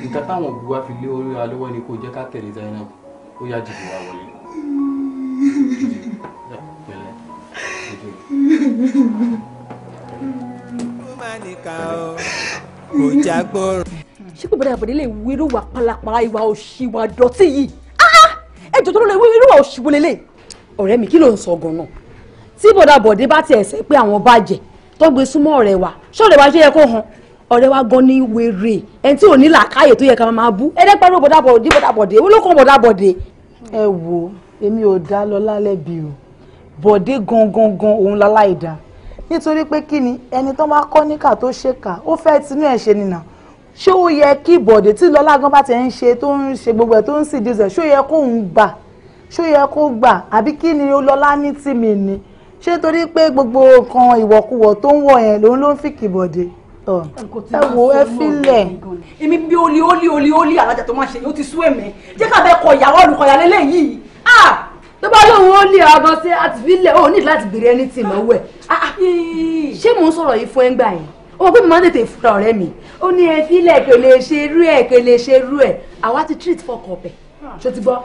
nǹkan táwọn òbí wa fi lé orí wa lọ́wọ́ ni kò jẹ́ ká tẹ̀lé Zainab ó yá jìbò wa wọlé. ṣé kò bẹ̀rẹ̀ àbọ̀dé lè wérò wà pálapàla ìwà òṣì wà dọ̀tí yìí ẹjọ́ tó lọ́lọ́ irú wa òṣìwò lélẹ̀ ọ̀rẹ́ mi kí ló ń sọ gan-an tí bọ̀dà bọ̀dé bá tiẹ̀ sẹ́ pé àwọn bàjẹ́ tó gbé súnmọ́ ọ̀rẹ́ wa ṣọ́ọ̀rẹ́ wa ṣe yẹ kó hàn ọ̀rẹ́ wa gan ni wèrè ẹni tí ò ní làákàyè tó yẹ ká máa bú ẹ̀ẹ́dẹ́gbẹ́rún bọ̀dà bọ̀dé bọ̀dà bọ̀dé owó ló kàn bọ̀dà bọ̀dé. ẹ wo èmi ò dá lọ lálẹ́ bí o bọ̀dé gangan gan òun láláì dá nítorí pé kí ẹni tó máa kọ́ níkà tó ṣèkà ó fẹ́ tinú ẹ̀ ṣe nìyàn ṣé ó yẹ kí bọ̀dé tí lọ́lá gan bá ti ń ṣe tó ń ṣe gbogbo ẹ̀ tó ń sì díṣẹ̀ ṣé ó yẹ kó ń gbà ṣé ó yẹ kó gbà àbí kí ni lọ́lá ní tì mí ni ṣé torí pé gbogbo nǹkan ìwọ̀kuwọ̀ tó ń wọ̀ yẹn lòun ló ń fi kì bọ̀dé ẹ wo ẹ filẹ̀. èmi bí olè olè olè olè alájà tó máa ṣe yìí ó ti sú ẹ̀mẹ́ jẹ́ ká bẹ́ẹ̀ kọ ìyàwó olùkọ́yà lélẹ́yìí ah! tó bá lóun ó lè ọgbọ́n sí àtìfílẹ̀ ó ní láti bèrè ẹni tì lọ́wọ́ ẹ̀ ah, ah. ṣé mò ń sọ̀rọ̀ yìí fún ẹ̀ ń gbà yẹn ó pé mo máa ń tètè fura ọ̀rẹ́ mi ó ní ẹ fílẹ̀ kò lè ṣe irú ẹ̀ kò lè ṣe irú ẹ̀ àwa ti treat fọkàn ọ̀bẹ ṣó ti gbọ́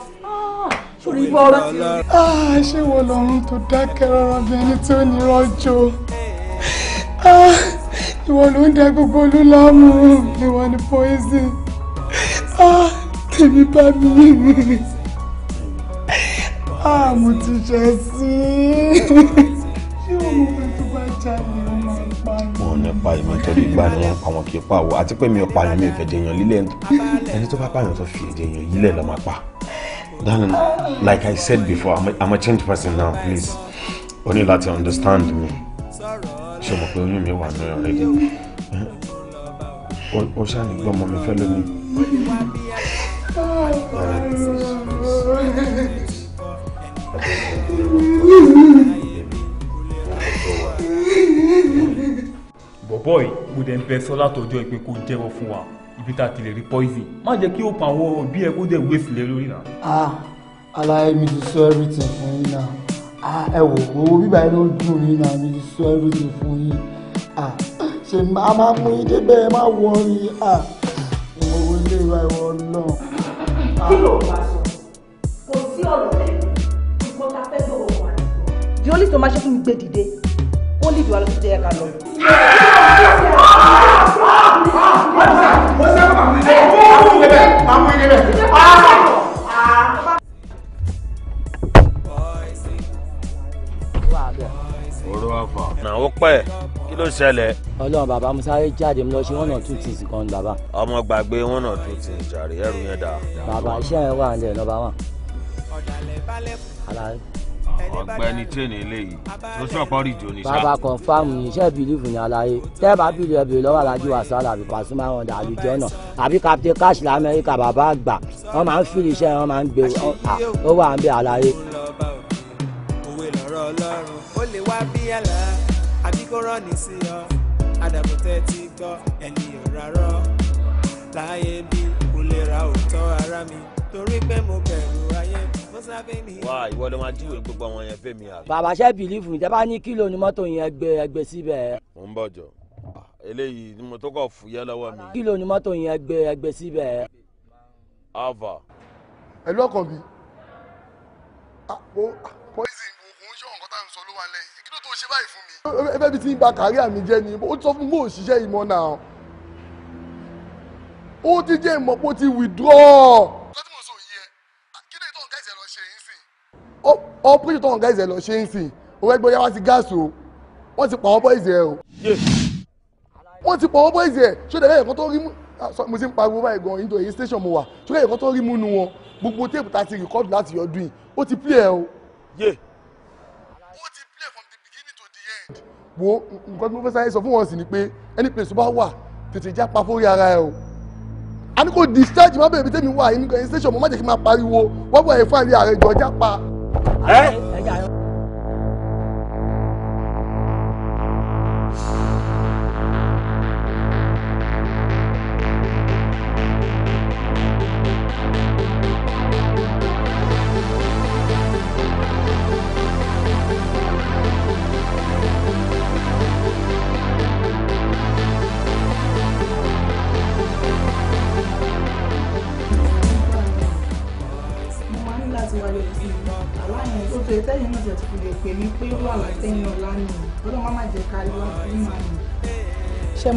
sórí ibọ̀ ọ̀rọ̀ ti rí. Ah, ṣé wo lọ́run tó dákẹ́ rárá bí ẹni tí ó ní rọ́jò ah, ìwọ ló ń da gbogbo olúlámù ìwọ ni poison ah, tèmi bá mi mo ti ṣe sí i ṣé òun fẹ́ tó bá jalè nípa ìmọ̀tọ́lẹ̀ ìgbà ni wọ́n pa wọn kì í pa àwọ̀ àti pé mi ò pààyàn mi ò fẹ́ jẹyàn lílẹ̀ ẹni tó bá pààyàn tó fi jẹyàn yílẹ̀ lọ́ọ́ máa pa darling like I said before I'm a, I'm a changed person now please o ní láti understand me ṣe mọ̀ pé oyún mi wà ní ọ̀rẹ́dẹ̀ o ṣàní gbọ́ ọmọ mi fẹ́ lónìí. Boy, mo dẹ̀ ń bẹ sọ látọjọ́ ìpè kó jẹ́wọ́ fún wa ibi tá a ti lè rí poison má jẹ́ kí ó pa àwọn òbí ẹ kó dẹ̀ waste lé lórí náà. ah alaye mi ti sọ everything fún yín náà ah ẹ wò owó bíbá yín ló dùn yín náà mi ti sọ everything fún yín ah ṣe a máa mú yín débẹ̀ ẹ má wọ yín ah ìwọ wo ilé ìwà ìwọ náà. kí ló bá sọ kò sí ọ̀rọ̀ rẹ̀ ìkọ́ta fẹ́ lọ́wọ́ wa. the only thing ma ṣe fún mi gbé dìde ó lè bí wa lọ ó pẹ́ kí ló ṣẹlẹ̀. ọlọ́run bàbá mo sáré jáde mo lọ ṣe one or two things kan bàbá. ọmọ gbàgbé one or two things jàre ẹrù yẹn dà. bàbá iṣẹ́ yẹn wà nílẹ̀ nọ́mbà one. àlàyé ọ̀gbẹ́ni tírénì eléyìí tó sọ̀pọ̀ rí jò ní sáà. bàbá kọ̀ǹfàmù yìí iṣẹ́ bìlífù ní aláyé tẹ́ bá bìlífù ẹ̀ bìlífù lọ́wọ́ alájú wa sọ́ọ́ àbí Pasuma wọn dà àbí jọ́nà àbí captain cash lamẹ́ríkà bàbá àgbà wọ́n máa ń fìlì iṣẹ́ wọn máa ń gbé ó wà ń bẹ aláyé. òwe lọ̀rọ̀ ọlọ́run ó lè wá bí àlá àbí kó rán ní sí ọ adàbọ̀tẹ́ ti gbọ́ ẹni òràrọ̀ láyé bí kò lè ra òótọ́ ara mi torí pé mo bẹ̀rù wá ìwọ ló máa jíwèé gbogbo àwọn yẹn fẹmi àbí. bàbá ṣe bìlífù tẹ bá ní kílò ní mọ́tò yẹn gbé ẹgbẹ́ síbẹ̀. mo ń bọ̀ jọ ah, eléyìí ni mo tó kọ̀ fúyẹ́ lọ́wọ́ mi. kílò ní mọ́tò yẹn gbé ẹgbẹ́ síbẹ̀. ava. ẹ lọ́kàn mi poison oògùn ṣé ọ̀nkọ́ tá à ń sọ ló wà lẹ́yìn kí ló tó ṣe báyìí fún mi. ẹbẹ bíi ti ń ba kárí àmì jẹ ni ó sọ fún mi ò ṣiṣẹ́ ìmọ̀ náà ó ti jẹ́ ìmọ̀ pé ó ti withdraw. ó píríṣì tọ́wọ̀n gáìsì ẹ̀ lọ ṣe ń sìn òwe gbé yàrá sí gáàsì o wọ́n ti pa wọ́n bọ́ìsì ẹ̀ o wọ́n ti pa wọ́n bọ́ìsì ẹ̀ ṣó dẹ̀ lẹ́yìn kan tó rí mú ah, mo ti ń pariwo báyìí gan into èyí station mo wà ṣó lẹ́yìn kan tó rí mú nu wọn gbogbo téèpù tá a ti rìkọ́dù láti yọdún yìí ó ti play ẹ o. from the beginning to the end. wo nǹkan tí mo fẹ́ sáré sọ fún wọn sì ni pé any place tó bá wà tètè já pa fórí ara ẹ o a ní kò discharge má bẹ̀rẹ̀ bí tèmi wà ní station mo má jẹ́ kí n máa pariwo wọ́n bọ̀ ẹ̀ fún àlẹ́ ààrẹ jọ já pa. 哎。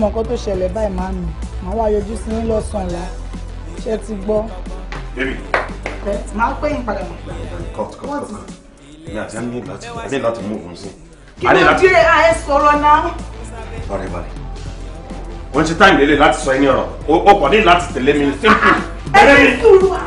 mọ nǹkan tó ṣẹlẹ̀ báyìí máa mi màá wá yọjú sí yín lọ́sàn-án la ṣe ti gbọ́. bébì. máa pè yín padà mọ̀. cut cut cut èmi àti láti mú òun sí. kí ló dé àyè sọ̀rọ̀ náà. ọ̀rẹ́ balẹ̀ wọ́n ti táyìn lélẹ̀ láti sọ ẹni ọ̀rọ̀ ó pọ̀ ní láti tẹ̀lé mi simple. ẹ ẹ sùúrù wa.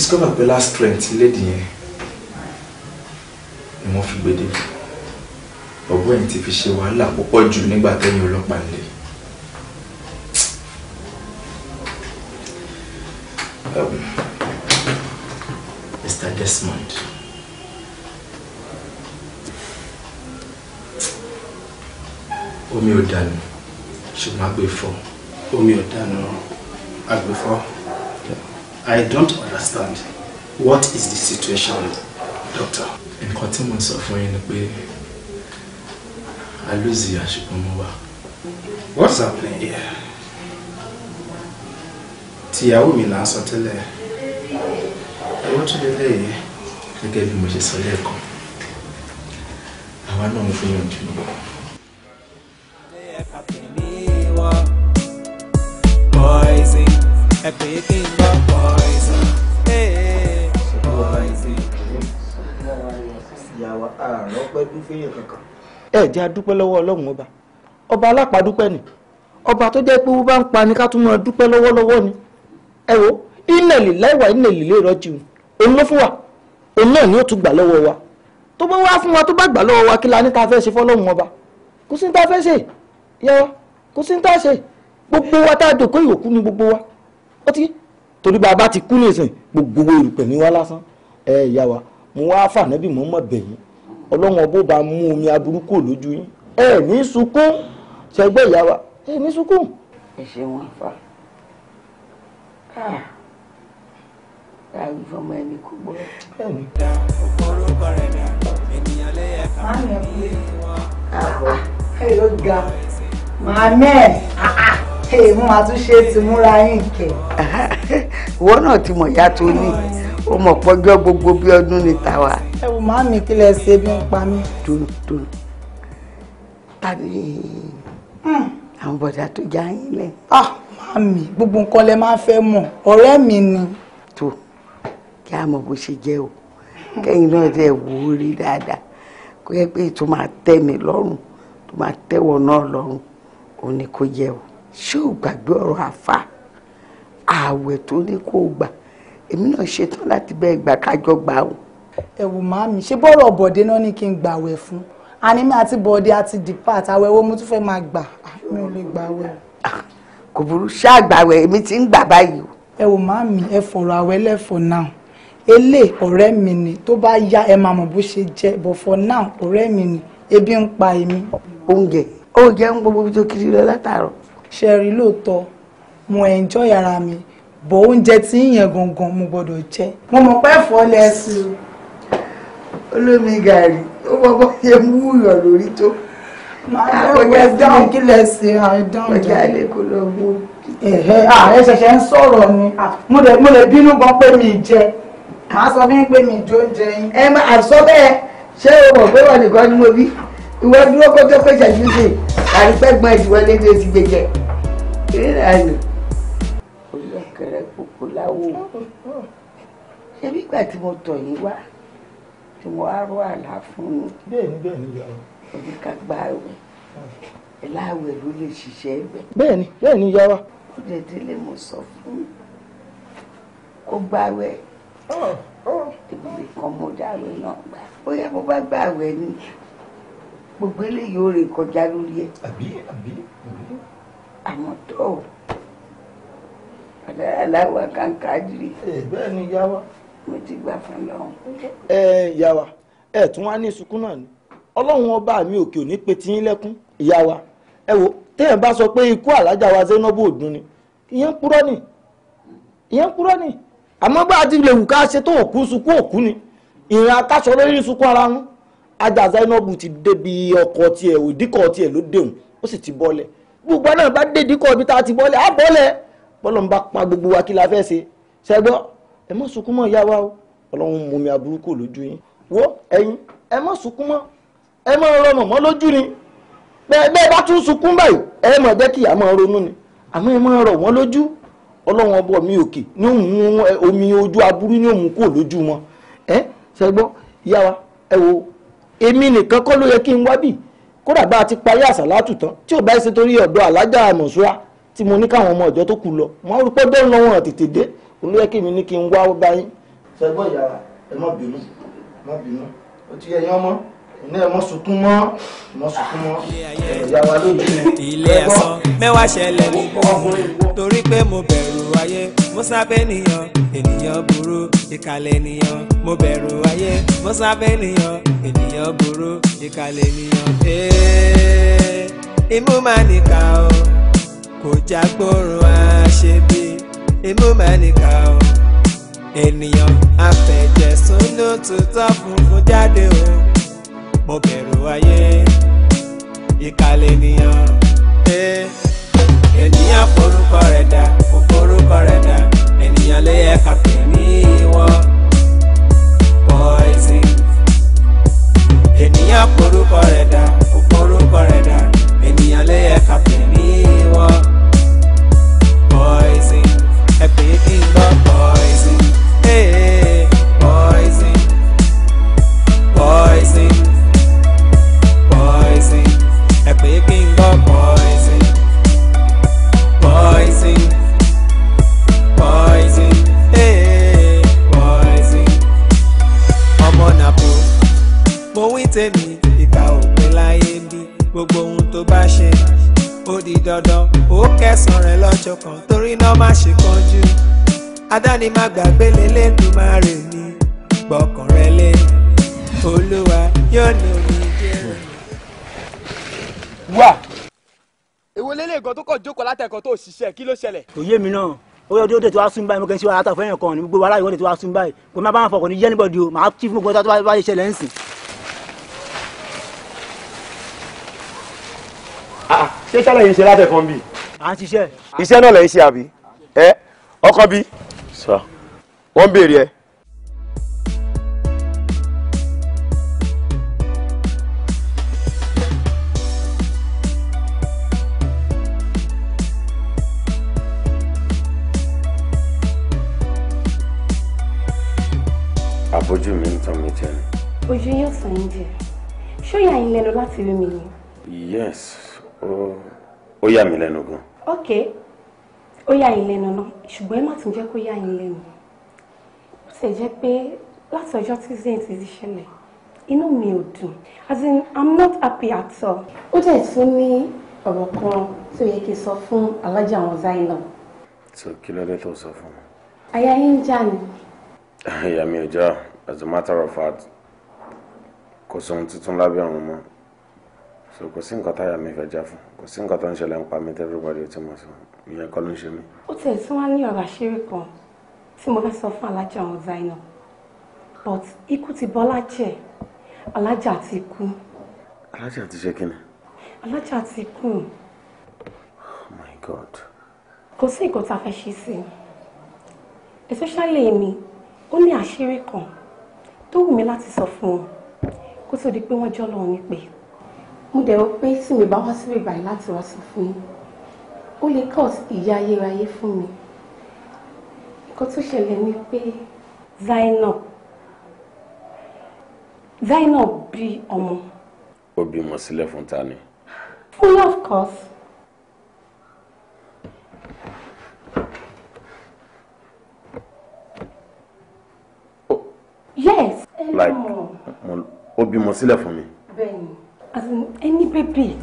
discover pé last strength lédi yẹn ni wọ́n fi gbé débi ọ̀gbọ́n yìí ti fi ṣe wàhálà púpọ̀ jù nígbà tẹ́yìn ọlọ́pàá nílé. Um, Mr. Desmond. Omi ò dànù, ṣùgbọ́n agbèfọ́. Omi ò dànù, agbèfọ́. I don't understand. What is the situation, doctor? Nǹkan tí mo sọ fún yín I lose the Ashipomowa. What's happening here? Tìyàwó mi là ń sọ tẹ́lẹ̀. Owó tún lé léyìí. Gẹ́gẹ́ bí mo ṣe sọ lẹ́ẹ̀kan. Àwa náà ń gbìyànjú ni. Poison, ẹ pè àrọ́pẹ́ dún fẹ́yàn kankan. ẹ jẹ́ adúpẹ́ lọ́wọ́ ọlọ́run ọba ọba alápàdúpẹ́ ni ọba tó jẹ́ pé wọ́n bá ń pa ni ká tún máa dúpẹ́ lọ́wọ́lọ́wọ́ ni ẹ wo ìnẹ̀lì láìwá ìnẹ̀lì lè rọ́jì òun ló fún wa òun náà ni ó tún gbà lọ́wọ́ wa tó bá wá fún wa tó bá gbà lọ́wọ́ wa kí la ní ta fẹ́ ṣe fọ́lọ́run ọba kò sí ní ta fẹ́ ṣe yẹwà kò sí ní ta ṣe gbogbo wa tá a jòkó ìwòkú ni gbogbo wa ó ti torí bàbá ti kú nìsín gbogbo erùpẹ̀ ní wa lásán ẹ ìyá wa mo wá fà nẹ́bí mo mọ̀ bẹ̀yìn ọlọ́run ọbọ̀ bá mú omi aburú kò lójú yín ẹ ní sunkún ṣẹgbẹ́ ìyá wa ẹ ní sunkún. ẹ ṣe wọn fa ah. káà káà wí fọmọ ẹni kò gbọ́. ọkọ orúkọ rẹ dà ènìyàn lẹ́yẹ ká ní ilé wọn. àbọ̀ ẹ ló ga màmẹ́ ẹ mú àtúnṣe ti múra yín kẹ. ìwọ náà ti mọ̀ ìyá tó ní ó mọ̀ pọ́jọ́ gbogbo bí ọdún ni tàwa. ẹ wò má mi kí lẹ ṣe bí ń pa mí. tuntun tàbí hmm. àwọn bọ̀dà tó já yín lẹ̀. ah má mi gbogbo nǹkan lẹ máa fẹ́ mọ̀ ọ̀rẹ́ mi ni. tó kí a mọ̀ bó ṣe jẹ́ o kẹ́yìn náà dẹ̀ wò ó rí dáadáa kó yẹ pé tó máa tẹ́ mi lọ́rùn tó máa tẹ́wọ̀ náà lọ́rùn òun ni kò yẹ o ṣé o gbàgbé ọ̀rọ̀ àfa ààwẹ̀ tó ní kó gbà èmi náà ṣetán láti bẹ ìgbà kájọ gbà ó. ẹ wò má mi ṣé bọ́rọ̀ bọ̀dé náà ni kí n gbàwẹ̀ fún ànímọ́ àti bọ̀dé àti dìpáàt àwẹ̀wò mo tún fẹ́ máa gbà ah, mi ò lè gbàwẹ̀. Ah, kò burú ṣáà gbàwẹ̀ èmi ti ń gbà báyìí o. ẹ wò má mi ẹ fọ̀rọ̀ àwẹ̀ lẹ́fọ̀ náà elé ọ̀rẹ́ mi ni tó bá yá ẹ máa mọ̀ bó ṣe jẹ́ but for now ọ̀rẹ́ mi ni ebi ń pa èmi. oúnjẹ oúnjẹ ń gbogbo tó kiri lọ látàárọ̀. ṣe rí lóòótọ́ mo enjoy ara mi bọ̀ oúnjẹ tí ń yẹn gangan mo gbọ́dọ̀ jẹ. mo mọ̀ pé ẹ̀fọ́ lẹ́sìn olómi gàrí ó mọ bọ́ yẹ mú ìrọ̀ lórí tó. Ah, ọjà dáhùn kí lẹ́sìn àìdáhùn jẹ́. ọjà ilé kò lọ gbó. ẹ̀hẹ́ ààrẹ ṣẹ̀ṣẹ̀ ń sọ̀rọ̀ ni mo lè bínú gan pé mi jẹ màá sọ fún yín pé mi jó oúnjẹ yín. ẹ má àṣọ bẹ́ẹ̀ ṣé o mọ̀ pé wọ́n nìkan ni mo bí ìwọ dúró kó tó pèsè àjùṣe àrípẹ́gbọ́n ìdíwọlé tó ti gbẹjẹ aláwo ṣé nígbà tí mo tọ̀ yín wá tí mo wá rọ àlá fún un. bẹ́ẹ̀ni bẹ́ẹ̀ni ìyàwó. òbí ká gba àwẹ̀ ẹ láwẹ̀ ló lè ṣiṣẹ́ ẹgbẹ́. bẹ́ẹ̀ni bẹ́ẹ̀ni ìyàwó. ó lè délé mo sọ fún un kó gbàwẹ̀ oh, oh. ìbùdó kan mo dáwẹ̀ náà gbà bóyá mo bá gbàwẹ̀ ni gbogbo eléyìí ó rè kọjá lórí ẹ. àbí àbí àbí. àmọ́ tó o. aláwọ̀ ti ẹ ẹ tún wá ní sunkún náà ni ọlọ́run ọba mi òkè òní pe tiyín lẹ́kún ìyá ẹ wo téèyàn bá sọ pé ikú alájà wa Zainabu òdùn ni ìyẹn purọ́ ni ìyẹn ni àmọ́ bá a ti lè wù ká ṣe tó òkú sunkún òkú ni ìrìn akáṣọ lórí sunkún ara wọn ajá ti débi ọkọ ló ó sì ti bọ́lẹ̀ gbogbo náà bá dé ibi tá a ti bọ́lẹ̀ á bọ́lẹ̀. bọ́lọ̀ ń bá pa gbogbo wa kí la fẹ́ ṣe ṣẹgbọ́ ẹ má sunkún mọ́ ìyá wa o ọlọ́run mú mi aburú kò lójú yín wo ẹ̀yin ẹ má sunkún mọ́ ẹ má rọrùn mọ́ lójú ni bẹ́ẹ̀ bá tún sunkún báyìí ẹ má jẹ́ kí ìyá máa ronú ni àmọ́ ẹ má rọ̀ wọ́n lójú ọlọ́run ọbọ̀ mi òkè ní òun omi ojú aburú ní òun kò lójú wọn ẹ ṣẹgbọ́ ìyá wa ẹ wo èmi nìkan kọ́ ló yẹ kí n wá bì kódà bá a ti parí àṣà látùtàn tí ò bá ṣe torí ọ̀dọ̀ àlájà mọ̀ṣúra tí mo ní káwọn ọmọ ìjọ tó kù lọ mo rí pé dọ́nà wọn tètè dé olóyè mi ní kí n wá bá yín. sẹgbọn ìyá ẹ má bínú má bínú ó ti yẹ yín ọmọ ní ẹ mọ sunkún mọ mọ sunkún mọ ìyá wa lójú ni. ilé ẹ̀sán mẹ́wàá ṣẹlẹ̀ ní ọkùnrin torí pé mo bẹ̀rù ayé mo sábẹ́ nìyàn ènìyàn burú ìkàlẹ̀ nìyàn mo bẹ̀rù ayé mo sábẹ́ nìyàn ènìyàn burú ìkàlẹ̀ nìyàn. imú máa nìka o jágbórun àṣebí imú mẹ́nìkà o ènìyàn afẹ̀jẹ̀sùn ló tutọ́ funfun jáde o mo bẹ̀rù ayé ìkàlẹ̀ ènìyàn ènìyàn forúkọ rẹ̀ dà forúkọ rẹ̀ dà ènìyàn lè yẹ kàpẹ́ ní ìwọ poison ènìyàn forúkọ rẹ̀ dà kò forúkọ rẹ̀ dà ènìyàn lè yẹ kàpẹ́ ní ìwọ taking the poison. Hey, poison. Poison. Poison. É taking the poison. Poison. Poison. Hey, poison. Ọmọ nàpọ̀, mo wí tèmi, ìka òpin láyé bí gbogbo ohun tó bá ṣe, ó di dandan ó kẹsàn rẹ̀ lọ́jọ́ kan torí náà má ṣe kánjú adáni má gbàgbé lélẹ́dùnmáre ní gbọ́kàn rẹ lé olúwa yóò ní omi jẹ́. wá èwo lélẹ̀ gan tó kọ̀ jókòó látẹ̀kọ́ tó ṣiṣẹ́ kí ló ṣẹlẹ̀. kò yé mi náà ó yọ ọdún tó wá sún báyìí mo kẹ́ ń ṣe wàhálà àtàwọn èèyàn kan ní gbogbo aláìwọ́de tó wá sún báyìí kò má bá wọn fọkàn ní yẹ́ níbọ̀dì o màá tí fún gbogbo tó bá ṣe ṣẹlẹ̀ ń ah, ṣé sálẹ̀ yìí ń ṣe látẹ̀kọ́ ń bì? à ń ṣiṣẹ́. iṣẹ́ náà lẹ́yìn ṣe àbí ẹ ọkọ bí wọ́n ń béèrè ẹ. àbójú mi ń tàn mí jẹ ni. ojú yóò tàn yín jẹ ṣó yà yín lẹ́nu láti rí mi ni. yes ó yà mí lẹ́nu gan-an ok ó yà yín lẹ́nu náà ṣùgbọ́n ẹ má tún jẹ́ kó yà yín lẹ́nu ó sì jẹ́ pé láti ọjọ́ tí zayn ti ti ṣẹlẹ̀ inú mi ò dùn as in i'm not happy at all. ó dẹ̀ tún ní ọ̀rọ̀ kan tó yẹ kí n sọ fún alájà àwọn zayn náà. so kí ló dé tó sọ fún mi. àyà yín já ni. àyà mi ò já as a matter of fact kò sóhun tuntun lábẹ́ ọ̀run mọ́ so kò sí nǹkan táyà mi fẹ́ já fún kò sí nǹkan tó ń ṣẹlẹ̀ ń pa mi tẹ́fẹ́rẹ́bọ̀dì tí mo sọ ìyẹn kọ́ ló ń ṣe mí. ó tiẹ̀ tún wá ní ọ̀rọ̀ àṣírí kan tí mo fẹ́ sọ fún alájà àwọn zainab but ikú ti bọ́ alájẹ alájà ti kú. alájà ti ṣe kíni. alájà ti kú. oh my god. kò sí nǹkan tá a fẹ́ ṣe sí i especially èmi ó ní àṣírí kan tó wù mí láti sọ fún wọn kó tó di pé wọ́n jọ́ lọ́wọ́ nípe mo dẹ̀ wò pé tí mi bá wá síbi báyìí láti wá sọ fún mi ó lè cause ìyà ayérayé fún mi nǹkan tó ṣẹlẹ̀ ni pé Zainab Zainab bí ọmọ. ó bímọ sílẹ̀ fún ta ni. fún of course. Oh, yes. like ó bímọ sílẹ̀ fún mi. bẹ́ẹ̀ni as in any baby.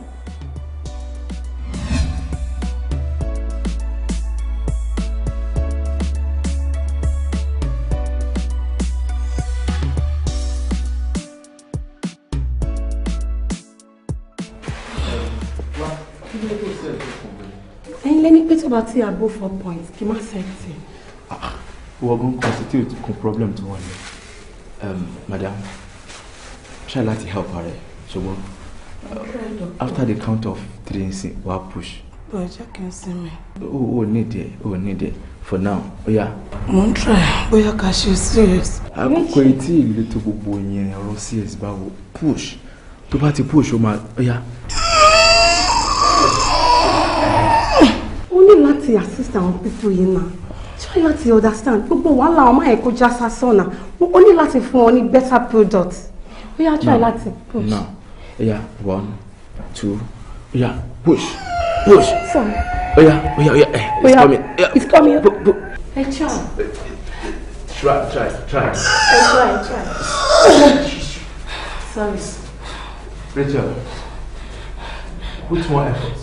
ẹ̀yin lẹ́ni pé tó bá ti above four points kí n má sẹ́ẹ̀tì. wọ́gùn constitute kun problem tó wà ní madam try to help her ṣùgbọ́n after the count of three see, wàá push. bọ̀ you jẹ́ see me. Oh, oh, need it, oh, need it. ò ní ìdí ẹ for now oya. mo ń try bóyá ká ṣe serious. àkókò etí ìlú tó gbogbo yẹn ọ̀rọ̀ serious báwo push To bá ti push ó máa oya. o ní láti assist àwọn pípọ̀ yìí náà try láti understand gbogbo wàhálà ọmọ ẹ̀ kó já sásán náà o only láti fún ọ ní better product We are try láti push. No yeah, one, two, yeah, push, push. Son, Oh yeah, oh yeah, oh yeah. Eh, it's oh, yeah. coming. Yeah. It's coming. P p hey, John. Try, try, try. Hey, try, try. Sorry. Rachel, put more effort.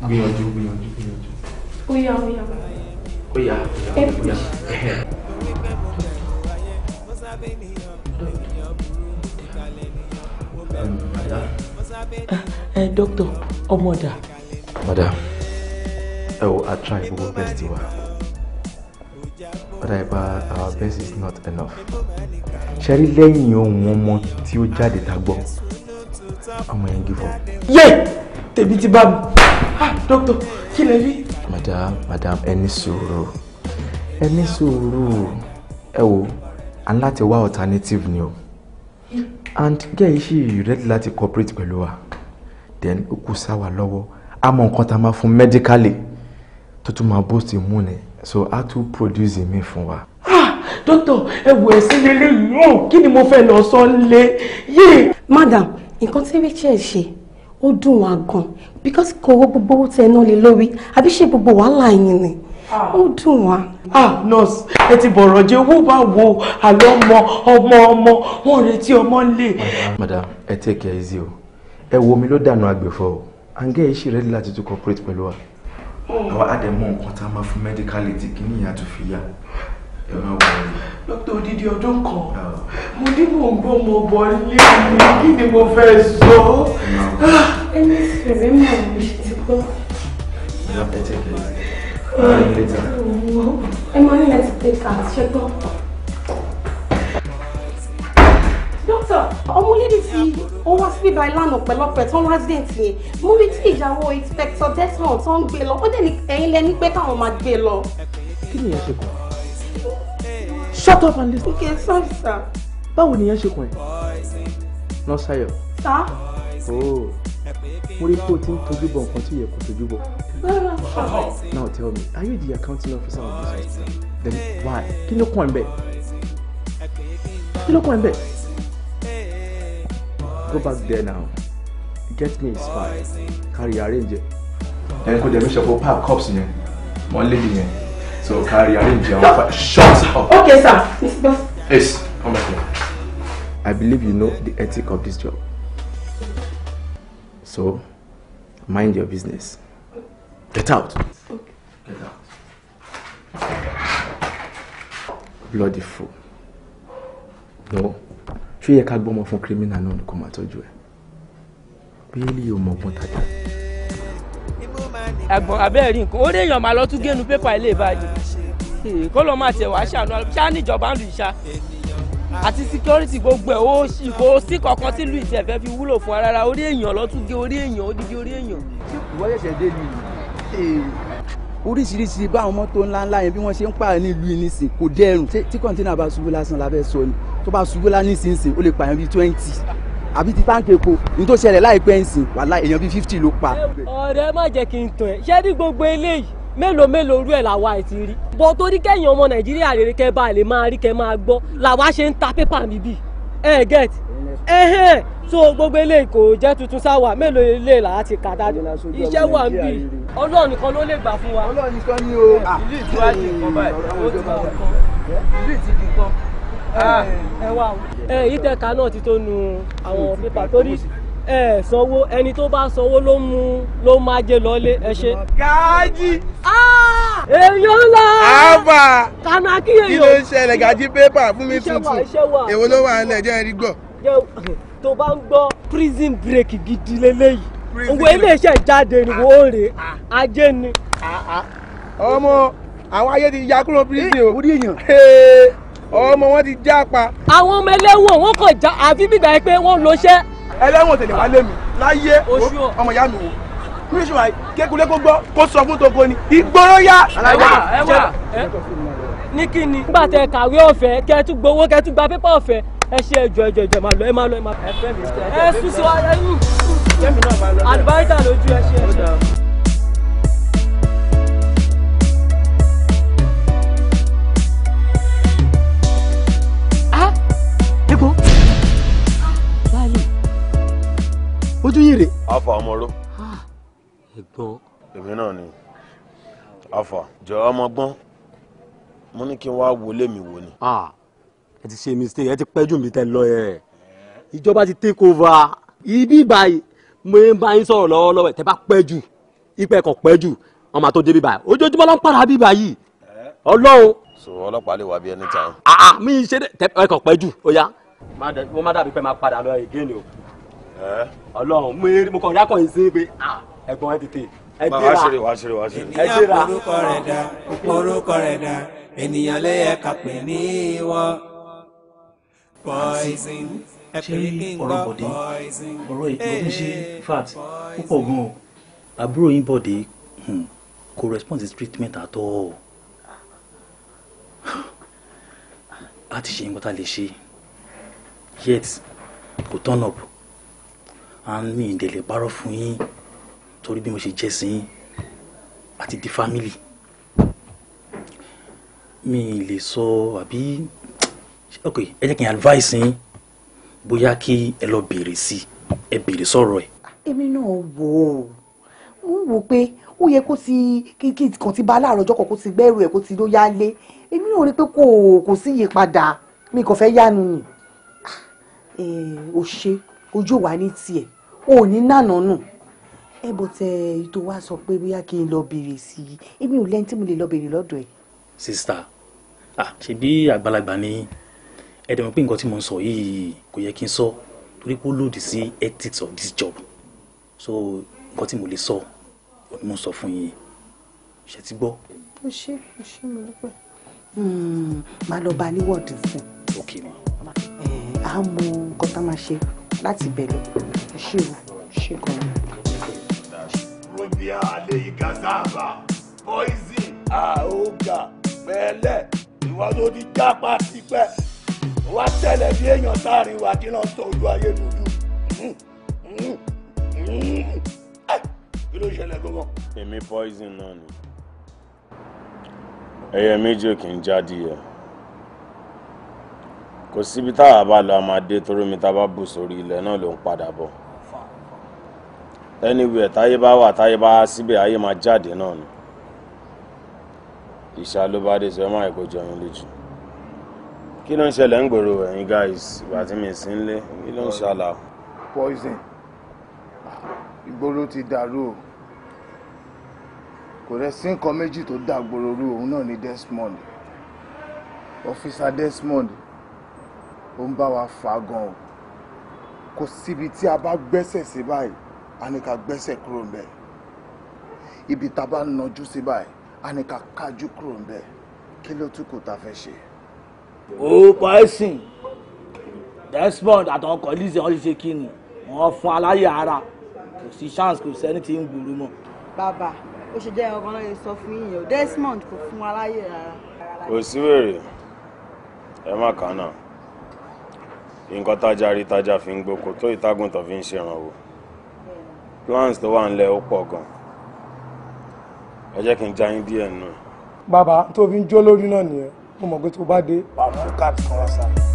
Gbìyànjú, gbìyànjú, gbìyànjú. Oh yeah, oh yeah. Oh yeah, oh yeah, oh yeah. ẹ dókítà ọmọdà. madam ẹ wo i try gbogbo best wa padà ìbá our best is not enough ṣe rí lẹ́yìn ohun ọmọ tí ó jáde tá gbọ́ ọmọ yẹn gí fún. yé tèmi ti bá mi ah dókítà kí lè rí. madam madam ẹ ní sùúrù ẹ ní sùúrù ẹ wo a wá alternative ni o and get yìí sì ready láti cooperate pẹ̀lú wa then ó kù sá wa lọ́wọ́ a mọ nǹkan tá a máa fún medically tó tún máa boost immune so a tún produce mi fún wa. Ah, dókítà ẹ wò ẹ sí lélẹ́ yìí o kí ni mo fẹ́ lọ sọ lé yé. madam nǹkan tí richard ṣe ó dùn wá gan because kò wọ gbogbo owó tẹ ẹ náà lé lórí àbí ṣe gbogbo wàhálà yín ni. Ah. ó dùn wá. ah nurse ẹ ti bọ̀rọ̀ jẹ́ owó bá wo àlọ́ ọmọ ọmọ ọmọ wọn retí ọmọ lè. madam ẹ take care easy o ẹ wo omi ló dànù àgbẹ̀fọ́ o àǹgẹ́ iṣẹ́ rẹ̀ láti tún cooperate pẹ̀lú wa. Oh. àwa á nǹkan tá a máa fún mẹ́díkálì tí kìíní ìyá tó fi yá ẹ máa wọ ẹ. dókítà odidi ọdún kan ah. mo ní mò ń gbọ́ mo bọ̀ lé mi kí ni mo fẹ́ sọ. ẹni ah, sèré mọ̀ mi ti bọ́. ẹ take care easy ẹ máa ní láti pé ká ṣẹgbọn. dókítà ọmọlédè I'm ó wá síbí báyìí lánàá pẹ̀lọ́pẹ̀ tó ń resident yẹn mo rí tí ìyàwó inspector desmond tó ń gbé lọ ó dẹ̀ ní ẹ̀yin lẹ́ni pé káwọn máa gbé lọ. kí ni ìyẹn ṣe kàn? shut up and listen. okay sorry sir. báwo ni ìyẹn ṣe kàn ẹ́? sir. sá. Oh. ooo mo rí pé o ti ń fojú bọ nǹkan tí yẹ kó fojú bọ. now tell me are you the accounting officer of this hospital then why kí ló kàn bẹ́ẹ̀ kí ló kàn bẹ́ẹ̀ go back there now get me his file carry arrange it. ẹ kó dẹ̀ mi ṣe fún cups yẹn wọ́n lé mi yẹn so carry arrange our file shut up. okay sir mr boss. yes come back here. I believe you know the ethic of this job. So, Mind your business. Get out. Bloody fool. No. Ṣé yẹ ká gbọ́mọ fún kírímínà náà ni kò máa tọ́jú ẹ̀? Bílí o mọ ọgbọ́n tàjà. Ẹ̀gbọ́n abẹ́rẹ́ rí nǹkan, ó rí èèyàn máa lọ tún génu pépà ilé ìbàdí. Kó lọ máa tẹ̀ wá ṣàánú, ṣáá níjọba àti security gbogbo ẹ̀ ó sì kó sí kankan sílùú ìtẹ̀fẹ́ fi wúlò fún ara rárá orí èèyàn lọ́tún gé orí èèyàn odidi orí èèyàn. ìwọ ṣẹ̀ṣẹ̀ dé lu yìí oríṣiríṣi bá àwọn mọ́tò ńláńlá yẹn bí wọ́n ṣe ń pààyàn nílùú ìnísìn kò dẹrùn tí kọ́ńtínà bá ṣubú lásán la fẹ́ sọ ni tó bá ṣubú lánìsínsìn ó lè pààyàn bíi twenty àbí ti báńkì èkó ní tó ṣẹlẹ̀ láìpẹ́ ìsìn wàhálà èèyàn bíi fifty ló pa. ọ̀rẹ́ má jẹ́ kí n tàn ẹ́ ṣé ní gbogbo eléyìí mélòó mélòó rú ẹ̀ làwa ẹ̀ ti rí bọ́ torí kẹ́yìn ọmọ nàìjíríà rere kẹ́ bá lè máa rí kẹ́ máa gbọ́ làwa ṣe ń ta pépà mi bì ẹ̀ get ẹ̀hẹ́n so gbogbo eléyìí kò jẹ́ tuntun sáwà mélòó ilé làá ti kà dájú iṣẹ́ wà ń bì ọlọ́run nìkan ló lè gbà fún wa. ọlọ́run nìkan ni o ìlú ah, ìtura di nǹkan báyìí ó ti wà nǹkan ìlú ìti di nǹkan. ẹ wá o. ẹ yìí tẹ̀ka náà ti tó nu àwọn pépà torí ẹ sanwó ẹni tó bá sanwó ló mú ló máa jẹ lọlé ẹ ṣe. gàájì. Ah! èèyàn ńlá. àbà kànákì èèyàn. kí ló ń ṣẹlẹ̀ gàájì pépà fún mi tuntun èwo ló wà nílẹ̀ jẹ́ ẹni gbọ́. tó bá ń gbọ́ prison break gidi leléyìí òwe iléeṣẹ́ jáde ni ah. wọ́n rè ah. ajé ni. ọmọ àwọn ayé ti ya prison o. orí èèyàn. ọmọ wọn ti já pa. àwọn ọmọ ẹlẹ́wọ̀n wọn kàn já àfi bíbá yẹn pé wọ́n lọ ṣẹ́ ẹlẹ́wọ̀n tẹ̀lé wá lé mi láyé ọmọ ìyá mi wò mi ò ṣùgbọ́n kékulé kó gbọ́ kó sọ fún toko ni ìgboro yá. ẹ wà ẹ ní kí ni. nígbà tẹ kàwé ọ̀fẹ́ kẹ tún gbowó kẹ tún gba pépà ọ̀fẹ́ ẹ ṣe ẹjọ ẹjọ ẹjọ máa lọ ẹ máa lọ ẹ máa. ẹ fẹ́ mi ṣe ẹjọ ẹ sùn sí wa ẹ yùn. àlùbáríkà lójú ẹ ṣe ẹjọ. ojú yìí rè. afa ọmọró. ẹ̀gbọ́n. èmi náà ni afa jọ ọmọ gbọ́n mo ní kí n wá wo lémi wo ni. Ah, ẹ ti ṣe mistake ẹ ti pẹ́ jù mí lọ ẹ̀ ìjọba ti take over ibi báyìí mo ń bá yín sọ̀rọ̀ lọ́wọ́lọ́wọ́ tẹ́ bá pẹ́ jù ipẹ́ kan pẹ́ jù wọn máa tó dé bíbá ojoojúmọ́ ló ń para bíbá yìí ọlọ́run. so ọlọ́pàá lè wá bí ẹni tàn. àà mi ṣe ẹ kàn pẹ́ jù ó yá mo má dàbí pé máa padà lọ again o. Ọlọ́run mo kàn yá kàn yín sí pé ah, ẹ̀gbọ́n ẹ tètè ẹ dira wàá ṣeré wàá ṣeré wàá ṣeré. ènìyàn orúkọ rẹ̀ dá orúkọ rẹ̀ dá ènìyàn lẹ́yẹ kàpè ní ìwọ. poison ṣé ọ̀rọ̀ bọ̀dé ọ̀rọ̀ ìgbọ̀n ṣe eh, fat púpọ̀ gan-an àbúrò yín bọ̀dé hmm, kò respond to treatment at all a ti ṣe nǹkan tá a lè ṣe yet kò turn up and mi ì délé parọ́ fún yín torí bí mo ṣe jẹ́ sí yín àti di family mi lè sọ àbí ok ẹ jẹ́ kí n advice yín bóyá kí ẹ lọ béèrè sí ẹ béèrè sọ̀rọ̀ ẹ̀. èmi náà wò ó mo ń wò pé ó yẹ kó ti kí kí kan ti bá láàárọ̀ ọjọ́ kan kó ti gbẹ́rù ẹ̀ kó ti ló yá lé èmi ò rí pé kò kò sí ìyípadà mi kò fẹ́ yánu ni ẹ ah, ò eh, ṣe ojú wa ní tiẹ̀ ò ní nànà nù ẹ bó tẹ ètò wa sọ pé bóyá kí n lọ béèrè sí i èmi ò lẹ́ni tí mo lè lọ béèrè lọ́dọ̀ ẹ̀. sista ah ṣebí àgbàlagbà ni ẹ dẹ̀ mọ̀ pé nǹkan tí mo ń sọ yìí kò yẹ kí n sọ torí pé ó lòdì sí ethics of this job so nǹkan tí mo lè sọ ò ní mo sọ fún yín ṣe ti gbọ́. o ṣe o ṣe mo dúpẹ́. máa hmm, lọ bá a ní wọ́ọ̀dì fún. ok ma. ẹ á mọ nǹkan tá a máa ṣe láti bẹ̀ lọ ẹ ṣe o ṣe gan ni. robia aleyika zaba poison aoga pẹlẹ ìwà tó ti jápa tipẹ́ wá tẹ́lẹ̀ bí èèyàn sáàrin wa kí náà sọ ojú ayé dúdú hmm, hmm, hmm. kí ló ṣẹlẹ̀ gbọ́ngàn. èmi poison náà ni ẹyẹ méjì kì í jáde yẹn kò síbi táwa bá lọ a máa dé torí mi tá a bá bù sórí ilẹ̀ náà ló ń padà bọ̀ anywhere táyé bá wà táyé bá síbẹ̀ ayé máa jáde náà ni ìṣá ló bá dé sọ ẹ má yẹ kó jọ yín lójú kí ló ń ṣẹlẹ̀ ń gbèrò ẹ̀yin guys ìgbà tí mi sí ń lé kí ló ń ṣàlà. poison ìgboro ti dàrú o kò rẹ̀ sí nǹkan méjì tó dàgbòrò rú òun náà ni Desmond ọfíìsà Desmond ó ń bá wa fà gan o kò síbi tí a bá gbẹ́sẹ̀ sí báyìí a ní ká gbẹ́sẹ̀ kúrò ńbẹ̀ ibi tá a bá nájú sí báyìí a ní ká kájú kúrò ńbẹ̀ kí ló tún kù tá a fẹ́ ṣe. ó pọ́ẹ́sìn desmond àtàwọn kọ́lísì wọn ti ṣe kí ni wọn fún aláyè ara kò sí chance kò sẹ́ni tí ń gbúrú mọ́. bàbá ó ṣe jẹ́ ọkàn náà sọ fún yìnyín o desmond kò fún aláyè ara. kò sí wèrè ẹ má kàn náà nǹkan tájà rí tájà fi ń gboko tó ìtàgùn fi ń ṣèrànwọ́ plans tó wà nílẹ̀ ó pọ̀ gan ẹ jẹ́ kí n já yín díẹ̀ nù. bàbá tó fi ń jó lórí náà nìyẹn mo mọ̀ pé tó bá dé wàá fún káàdì kan wá sáré.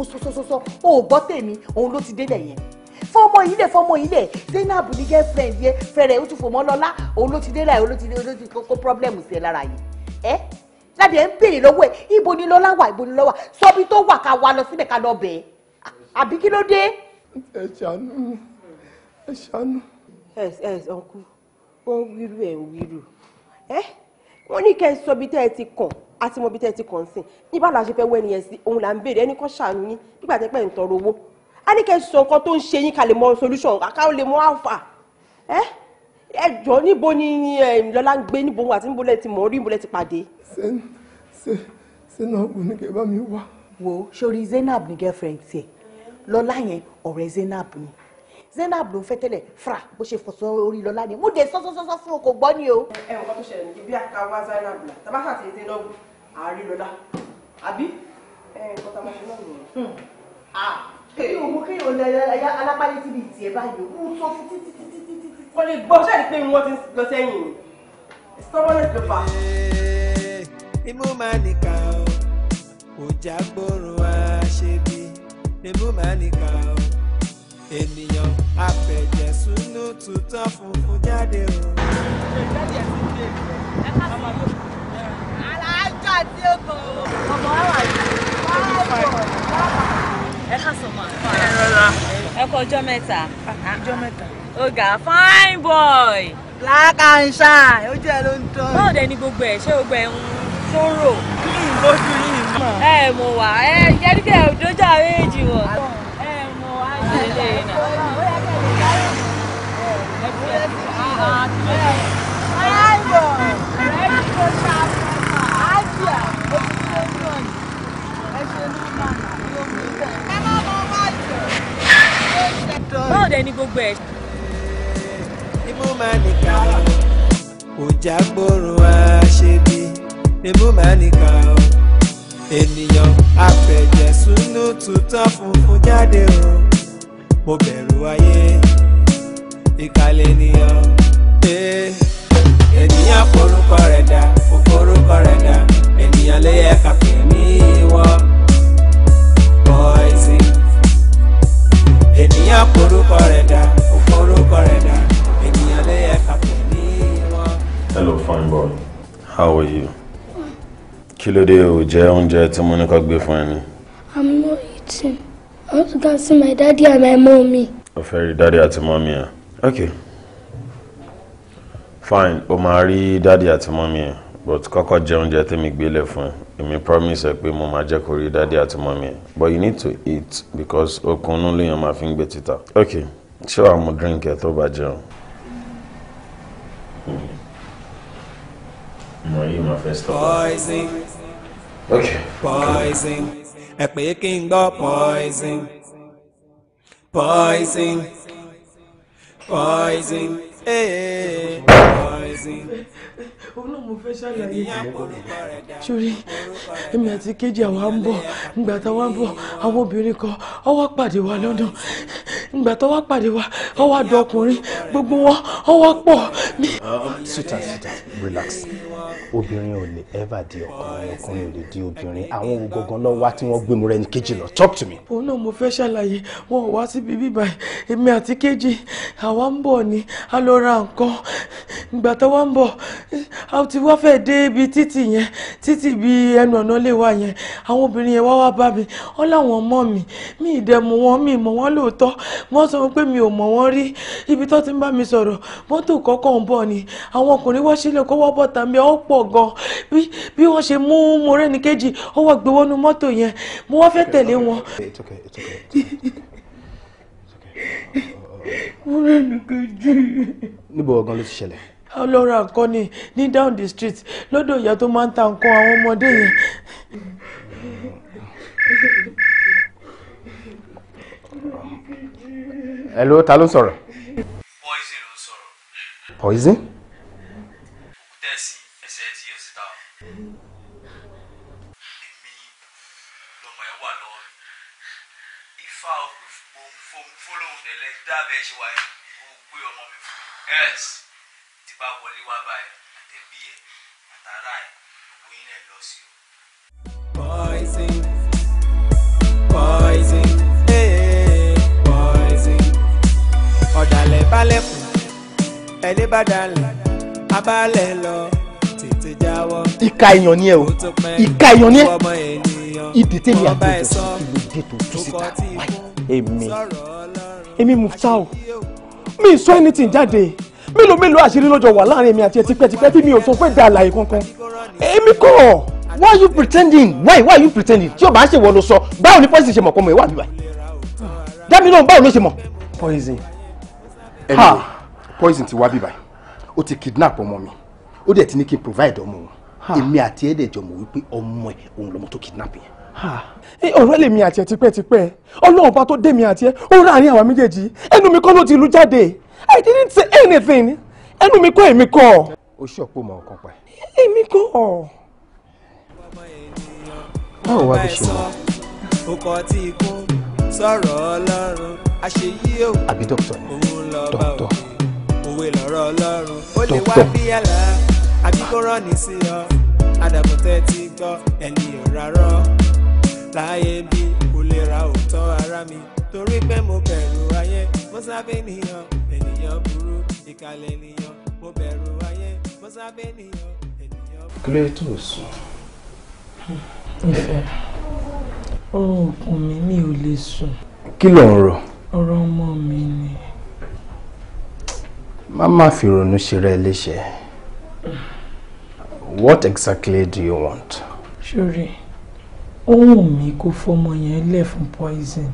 mo sọ sọ sọ sọ o ò gbọ́ tèmi òun ló ti délẹ̀ yẹn fọmọ yìí lẹ fọmọ yìí lẹ Zainab ní girlfriend yẹ fẹrẹ ó tún fòmọ lọlá òun ló ti délẹ̀ òun ló ti ló ti kó problem sí ẹ lára yìí ẹ láti ẹ ń béèrè lọ́wọ́ ẹ ibo ni lọlá wà ibo ni lọwà sọbi tó wà ká wa lọ síbẹ̀ ká lọ bẹ̀ àbí kí ló dé. ẹ ṣàánú ẹ ṣàánú. ẹ ẹ ọkùnrin wọn wíru ẹ ń wíru ẹ wọn ní kẹ sọbi tẹ ẹ ti kàn àti mọbi tẹ́ ti kàn sí nígbà la ṣe fẹ́ wẹ́ nìyẹn sí òun là ń béèrè ẹnì kan ṣàánú yín nígbà tẹ́ pẹ́ ń tọrọ owó a ní kẹ́ sọ nǹkan tó ń ṣe yín ká mọ solution ká lè mọ alpha ẹ ẹ jọ níbo ni lọ́lá ń gbé níbo àti níbo lẹ́ ti mọ̀ orí níbo lẹ́ ti pàdé. ṣé ṣé ṣé náà kò ní kẹ́ bá mi wá. wo sori Zainab ni girlfriend tiẹ̀ lọ́lá yẹn ọ̀rẹ́ Zainab ni Zainab ló ń fẹ́ fra bó ṣe fọ̀sọ́ orí lọ́lá ni mo dé sọ́sọ́sọ́sọ́ fún o kò gbọ́ ni o. ẹ ẹ nǹkan tó ṣẹlẹ̀ ní bí a Zainab là tabata àti ètè náà àárí lọ́lá àbí kọ́tà máa ṣe náà nìyẹn. èyí hmm. ò mú kéèyàn lẹ alápálí tí bíi tiẹ̀ báyìí ó tó fún títí títí títí. wọ́n lè gbọ́ ṣáà ní pé wọ́n ti lọ sẹ́yìn stubbornness ló fà. ni mo máa nìkà o kò já gbóòórùn àṣebí ni mo máa nìkà o ènìyàn apẹ̀jẹ̀sùnú tutọ́ funfun jáde o. ṣe ìjáde ẹ̀sìn ṣe ẹ̀ka sí i àti ah, fine boy. black and shine ojú ẹ ló ń tán. báwo dẹ ni gbogbo ẹ ṣé gbogbo ẹ ń tó rò. kí n bójú yìí mọ̀. ẹ mọ̀ wá ẹ jẹ́ríkẹ́ òdójà méjì wọ̀. ẹ mọ̀ wá ṣe lè nà. ẹ bí ẹ ti ká. fine boy. ẹ bí kò ṣàbọ̀. dẹ ní gbogbo ẹ̀. ni mo máa nìkà kò já gbóòórùn àṣebí ni mo máa nìkà o ènìyàn àfẹ̀jẹ̀sùnú tuntun funfun jáde o mo bẹ̀rù ayé ìkàlẹ̀ ènìyàn eh. ènìyàn forúkọ rẹ̀ dà forúkọ rẹ̀ dà ènìyàn lè yẹ ní ìwọ. hello fine boy how are you kí ló dé o jẹ oúnjẹ tí mo ní kó gbé fún ẹ ni. i'm not eating i want to go see my daddy and my mommy. o fẹ́ rí daddy àti mommy ẹ okay fine o máa rí daddy àti mommy ẹ but kọ́kọ́ jẹ oúnjẹ tẹ́mi gbélé fún ẹ èmi promise ẹ pé mo máa jẹ́ kó rí dáadé àti mọ́mí ẹ but you need to eat because okun inú lèèyàn máa fi ń gbé títà ok ṣé wàá mu drink ẹ tó bá jẹun. mo yí ma fẹ́ stop. poison. ok. poison. ẹ pè é kí n gbọ́ poison. poison. poison. Hey, eh, eh, eh. poison òun náà fẹ́ ṣàlàyé sórí èmi àti kejì àwa ń bọ̀ ǹgbà táwa ń bọ̀ àwọn obìnrin kan ó pàdé wa lọ́nà ǹgbà tó wá pàdé wa ó wá ọkùnrin gbogbo wọn ó pọ̀ mí. sita sita relax obìnrin ò lè ever di ọkùnrin ọkùnrin ò lè di obìnrin àwọn ohun gangan lọ wá tí wọ́n gbé mu rẹ ní kejì lọ talk to me. òun náà mo fẹ́ ṣàlàyé wọn ò wá síbi bíbá èmi àti kejì àwa ń bọ̀ ni a lọ ra nǹkan ìgbà tó wá ń bọ̀ a ti wá fẹ́ dé ibi títì yẹn títì bí ẹnu ọ̀nà lè wà yẹn àwọn obìnrin yẹn wá wá bá mi wọ́n láwọn ọmọ mi mi ìdẹ̀mọ̀ wọn mi mọ̀ wọ́n lóòótọ́ wọ́n sọ pé mi ò mọ̀ wọ́n rí ibi tó ti ń bá mi sọ̀rọ̀ mọ́tò kọ́kọ́ ń bọ̀ ni àwọn ọkùnrin wọ́n sílẹ̀ kó wọ́n bọ̀ tàbí ó pọ̀ gan bí wọ́n ṣe mú morẹ́ni kejì ó wá gbé wọnú mọ́tò yẹn mo wá fẹ́ tẹ̀lé wọn. It's okay, it's okay, it's okay. It's okay. Morẹ́ni kejì. níbo ọgán ló ti ṣẹlẹ̀ ọlọ́ra nǹkan ní down the street lọ́dọ̀ ìyá tó máa ń ta nǹkan àwọn ọmọdé yẹn. hello ta ló sọ̀rọ̀. poison ló sọ̀rọ̀. poison. Yes bá wọlé wá báyìí àtẹ̀bí ẹ̀ àtàrà ẹ̀ gbogbo yín ẹ̀ lọ sí o. poison poison hey, eh, poison ọ̀dàlẹ̀ balẹ̀kùn ẹ̀dẹ́ bá dalẹ̀ abalẹ̀ lọ tètè jáwọ́. ìka èèyàn ni ẹ o Ika èèyàn ni ẹ ìdí tèmi àgbẹ̀jọ sí ìlú dètò tó síta wáyé èmi èmi Muftau mi sọ anything jáde mélòó mélòó àṣírí lọ́jọ́ wà láàrin èmi àti ẹ̀ tipẹ́tipẹ́ tí mi ò sọ pé da àlàyé kankan èmi kọ́ why you pretending why why you pretending tí o bá ń ṣèwọ ló sọ báwo ni poison ṣe mọ̀ kọ́mọ ẹ̀ wà níbàyí dámi náà báwo ló ṣe mọ̀. poison ẹni poison ti wá bíbáyìí ó ti kidnap ọmọ mi ó dẹ̀ ti ní kí n provide ọmọ òun èmi àti ẹ̀ dẹ̀ jọ mọ̀ wípé ọmọ ẹ̀ òun lọmọ tó kidnap yẹn ọ̀rẹ́ lèmi àti ẹ̀ tipẹ́tipẹ́ ọlọ́run bá tó dé mi àti ẹ̀ ó ráàrin mi kọ́ ló ti lu I didn't say anything. Ẹnu mi kọ́ èmi kọ́. O ṣọ̀pọ̀ mọ̀ ọ̀kan pa. Èmi kọ́. Báwo wá ló ṣe wá? Okọ̀ tí ikú sọ̀rọ̀ ọlọ́run, àṣeyí ò. Àbí dọ́kítọ̀ ni, dọ́kítọ̀. Òwe lọ̀rọ̀ ọlọ́run, ó lè wá bí àlá, àbí kó rán ní sí ọ. Adàbọ̀tẹ́ ti gbọ́, ẹni ò Láyé bí kò lè ra òótọ́ ara mi, torí pé mo bẹ̀rù ayé mo sábẹ́ nìyàn ènìyàn burú ìkàlẹ̀ nìyàn mo bẹ̀rù ayé mo sábẹ́ nìyàn ènìyàn burú. kílé tó sùn. òkun mi mi ò lè sùn. kí ló ń rò. ọ̀rọ̀ ọmọ mi ni. má má fi ronú ṣeré léṣe. what exactly do you want? ṣòrí ohun mi kò fọmọ yẹn lẹ̀ fún poison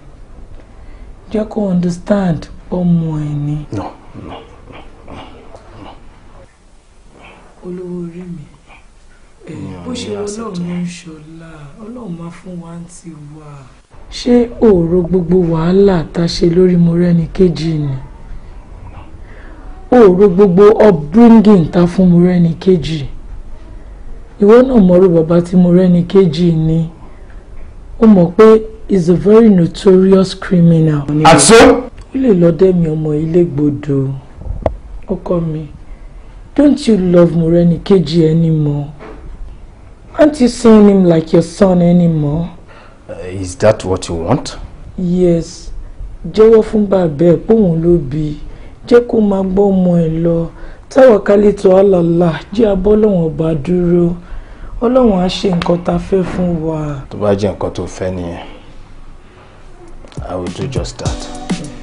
jẹ́ kó understand ọmọ ẹ ni. no no no no. olówó orí mi bó ṣe ọlọ́run ń ṣọlá ọlọ́run máa fún wa ń ti wà. ṣé òòró gbogbo wàhálà tá a ṣe lórí Mọ́rẹ́nikejì ni òòró gbogbo upbringing tá a fún Mọ́rẹ́nikejì ìwọ náà mọ̀rọ̀ bàbá tí Mọ́rẹ́nikejì ni ó mọ̀ pé is a very notorious criminal. àti so lè lọ dẹ́mi ọmọ ilé gbọdọ̀ ọkọ mi don't you love Morenikeji anymore aren't you seeing him like your son anymore. Uh, is that what you want. yes jẹ́wọ́ fún bàbá ẹ̀ póun ló bí i jẹ́ kó máa gbọ́ ọmọ ẹ̀ lọ táwọn kálítọ̀ àlàlà jẹ́ abọ́ lọ́wọ́n bá dúró ọlọ́wọ́n á ṣe nǹkan tá fẹ́ fún wa. tó bá jẹ́ nǹkan tó fẹ́ nìyẹn I will do just that. Mm -hmm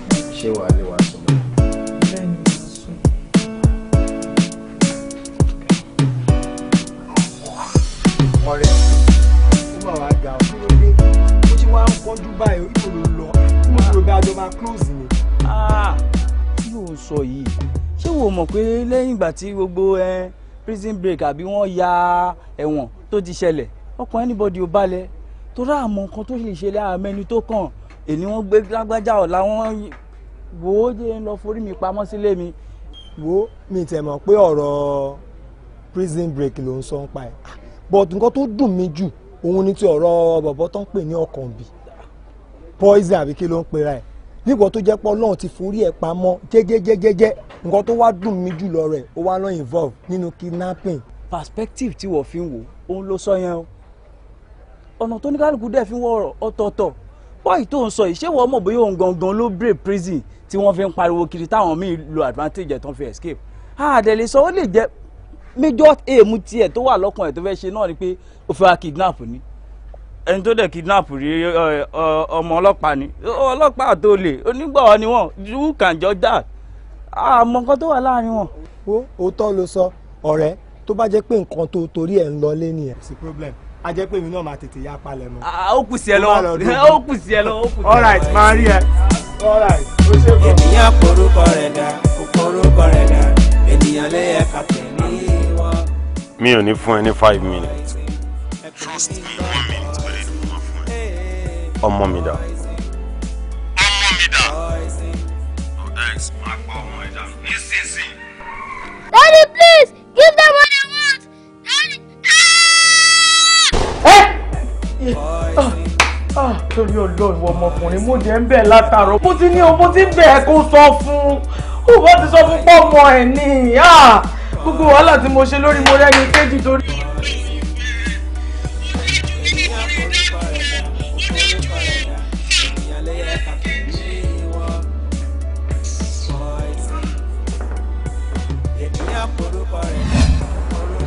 ṣé wàá lè wá sùn. ọ̀rẹ́ ó mà wá ga ọ̀rẹ́ lé ó ti wá ń pọ́njú báyìí ìbò ló lọ mo rò bí àjọ máa close ni. Ah, kí ló ń sọ yìí ṣé wo mọ̀ pé lẹ́yìn ìgbà tí gbogbo prison break àbí wọ́n ya ẹ̀wọ̀n tó ti ṣẹlẹ̀ ọkàn anybody ò balẹ̀ torí àmọ́ nǹkan tó lè ṣe láàmú ẹni tó kàn èní wọ́n gbé lágbájá ọ̀la wọ́n wò ó jẹ́ ń lọ forí mi pamọ́ sílé mi. wo mi tẹ̀ mọ̀ pé ọ̀rọ̀ prison break ló ń sọ ń pa ẹ̀ ah, but nǹkan tó dùn mí jù òun ni ti ọ̀rọ̀ bọ̀bọ̀ tó ń pè ní Ọ̀kànbí poison àbí kí ló ń pera ẹ̀ nígbà tó jẹ́ pé ọlọ́run ti forí ẹ̀ pamọ́ jẹ́jẹ́jẹ́jẹ́jẹ́ nǹkan tó wá dùn mí jù lọ rẹ̀ ó wá lọ involve nínú kidnapping. perspective tí wọ́n fi ń wò òun ló sọ yẹn o ọ̀nà tó ní kálukú dẹ̀ fi ń wọ ọ̀tọ̀ọ̀tọ̀ bọ́ọ̀ì tó ń sọ yìí ṣé wọ́n mọ̀ bóyá òun gangan ló break prison tí wọ́n fi ń pariwo kiri táwọn míì lo advantage ẹ̀ tó ń fi escape àdẹ̀lẹ̀ sọ ó lè jẹ́ major aim tiẹ̀ tó wà lọ́kàn ẹ̀ tó fẹ́ ṣe náà ni pé ó fẹ́ wá kidnap ni ẹni tó dẹ̀ kidnap rí ọmọ ọlọ́pàá ni ọlọ́pàá tó lè onígbàwọ́ ni wọ́n who can judge that àmọ́ nǹkan tó wà láàrin wọn. ó òótọ́ ló sọ ọ̀rẹ́ tó bá jẹ́ pé nǹkan tó torí ẹ̀ ń lọ lé nìyẹn. sí problem a jẹ́ pé èmi náà máa tètè yá palẹ̀ mọ́. ó kù sí ẹ lọ́wọ́ ó kù sí ẹ lọ́wọ́ ó kù sí ẹ lọ́wọ́. all right máa rí ẹ ènìyàn porúkọ rẹ̀ dà kò rẹ̀ dà ènìyàn lẹ́yẹ kàtẹ́ ní ìwọ. mi ò ní fún ẹ ní five minutes trust me one minute pẹ̀lú ìdúró fún ẹ ọmọ mi dà. ọmọ mi dà. ọ̀dà ẹ̀ sì máa gbọ́ ọmọ ẹ̀ dà Daddy please give them what they want. Daddy. Ah! Eh. Oh ah torí ọlọ́run ọmọkùnrin mo jẹ́ ń bẹ̀ látàárọ̀ mo ti ní o mo ti kó sọ fún ó bá ti sọ fún pọ́ọ̀mọ ẹ̀ ní ah, gbogbo wàhálà tí mo ṣe lórí mo rẹ́ni kéjì torí.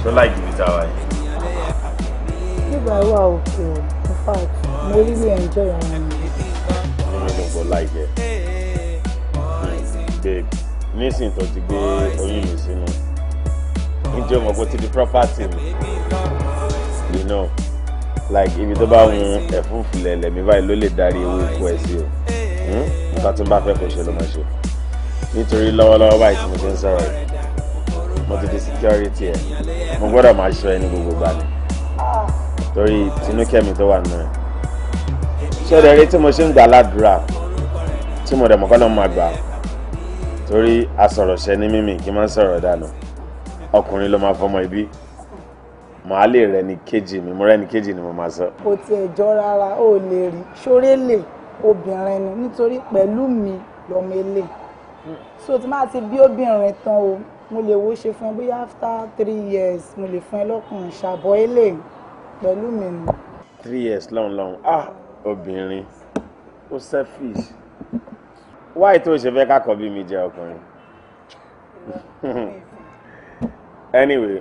ṣọlá ìgbìmí tá a wáyé. nígbà wà òkè ọ̀hún in fact mo really enjoy am. ọ̀rọ̀ mi kò láìpẹ́ babe nísìnyí tó ti gbé oyún mi sínú ǹjẹ́ ọmọ kò ti di property you know like if tó bá hun ẹ̀fún filẹ̀ lẹ̀mí báyìí ló lè darí owó ikú ẹ̀ sí Hmm? nǹkan tó ń bá fẹ́ kò ṣe Need to ṣe nítorí lọ́wọ́lọ́wọ́ báyìí tí mo to ń sọ̀rọ̀ yìí security ẹ̀ mo gbọ́dọ̀ máa ṣọ́ ẹni gbogbo gbà ní ah. torí tinúkẹ́mi tó wà nù ṣẹlẹ̀ rí tí mo ṣe ń gbà ládùúrà tí mo dẹ̀ mọ̀kànlá máa gbà torí asọ̀rọ̀ṣẹ́ ní mímì kí n máa ń sọ̀rọ̀ dànù ọkùnrin ló máa fọmọ ibi màá lè rẹ ní kejì mi mo rẹ ní kejì ni mo máa sọ. kò tiẹ̀ jọ rárá ó lè rí ṣoré lè obìnrin ni nítorí pẹ̀lú mi lọ́mọ ilé so tí máa ti bí obìnrin tán o mo lè wo ṣe fún ẹ bóyá after three years mo lè fún ẹ lọ́kùnrin ṣàbọ̀ ilé pẹ̀lú mi ni. three years lọ́hùn-ún lọ́hùn ah obìnrin ó selfish Why tó ṣe fẹ́ kákọ́ bí mi jẹ́ ọkùnrin anyway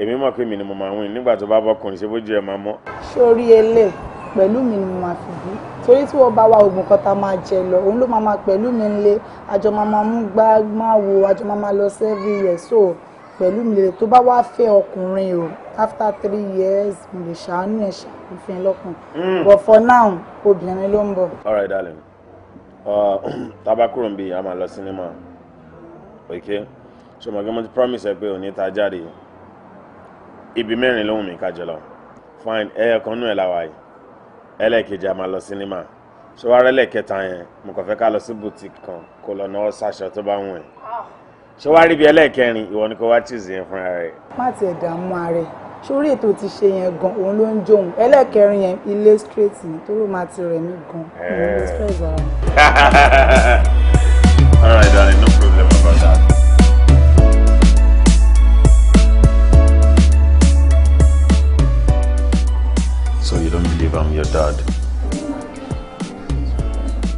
èmi mọ̀ pé mi ni mo máa win nígbà tó bá bọ́kùnrin ṣe bójú ẹ̀ máa mọ́. sórí ele pẹ̀lú mi ni mo máa fi bí torí tí wọ́n bá wa oògùn kan tá a máa jẹ lọ òun ló máa máa pẹ̀lú mi nílé àjọ máa máa mú gbá máa wo àjọ máa máa lọ sí everywhere so pẹ̀lú mi lè tó bá wá fẹ́ ọkùnrin o after three years mo lè ṣàánú ẹ̀ ṣàánú fún ẹ lọ́kàn mm. but for now obìnrin ló ń bọ̀. all right darling uh, Tabakurumbi, nbí a máa lọ sinimá ok so mo gbẹ́mọ́ ti promise ẹ pé òní ta jáde ibi mẹ́rin ló wù mí ká jẹ lọ fine ẹyẹ kan nú ẹ láwa yìí ẹlẹ́ẹ̀kejì a máa lọ sinimá so wàá rẹ́lẹ̀ kẹta yẹn mo kàn fẹ́ ká lọ sí boutique kan kó lọ náà ṣàṣọ tó bá wù ẹ́. Ah ṣé wàá rí bí ẹlẹ́ẹ̀kẹrin ìwọ ni kò wá tíìsì yẹn fúnra rẹ. má tiẹ̀ dààmú ààrẹ sórí ètò ti ṣe yẹn gan òun ló ń jóun ẹlẹ́ẹ̀kẹrin yẹn ilé straight torí ó máa ti rẹ̀ mí gan òun ló stress ara. all right darling no problem about that. So you don't believe I'm your dad?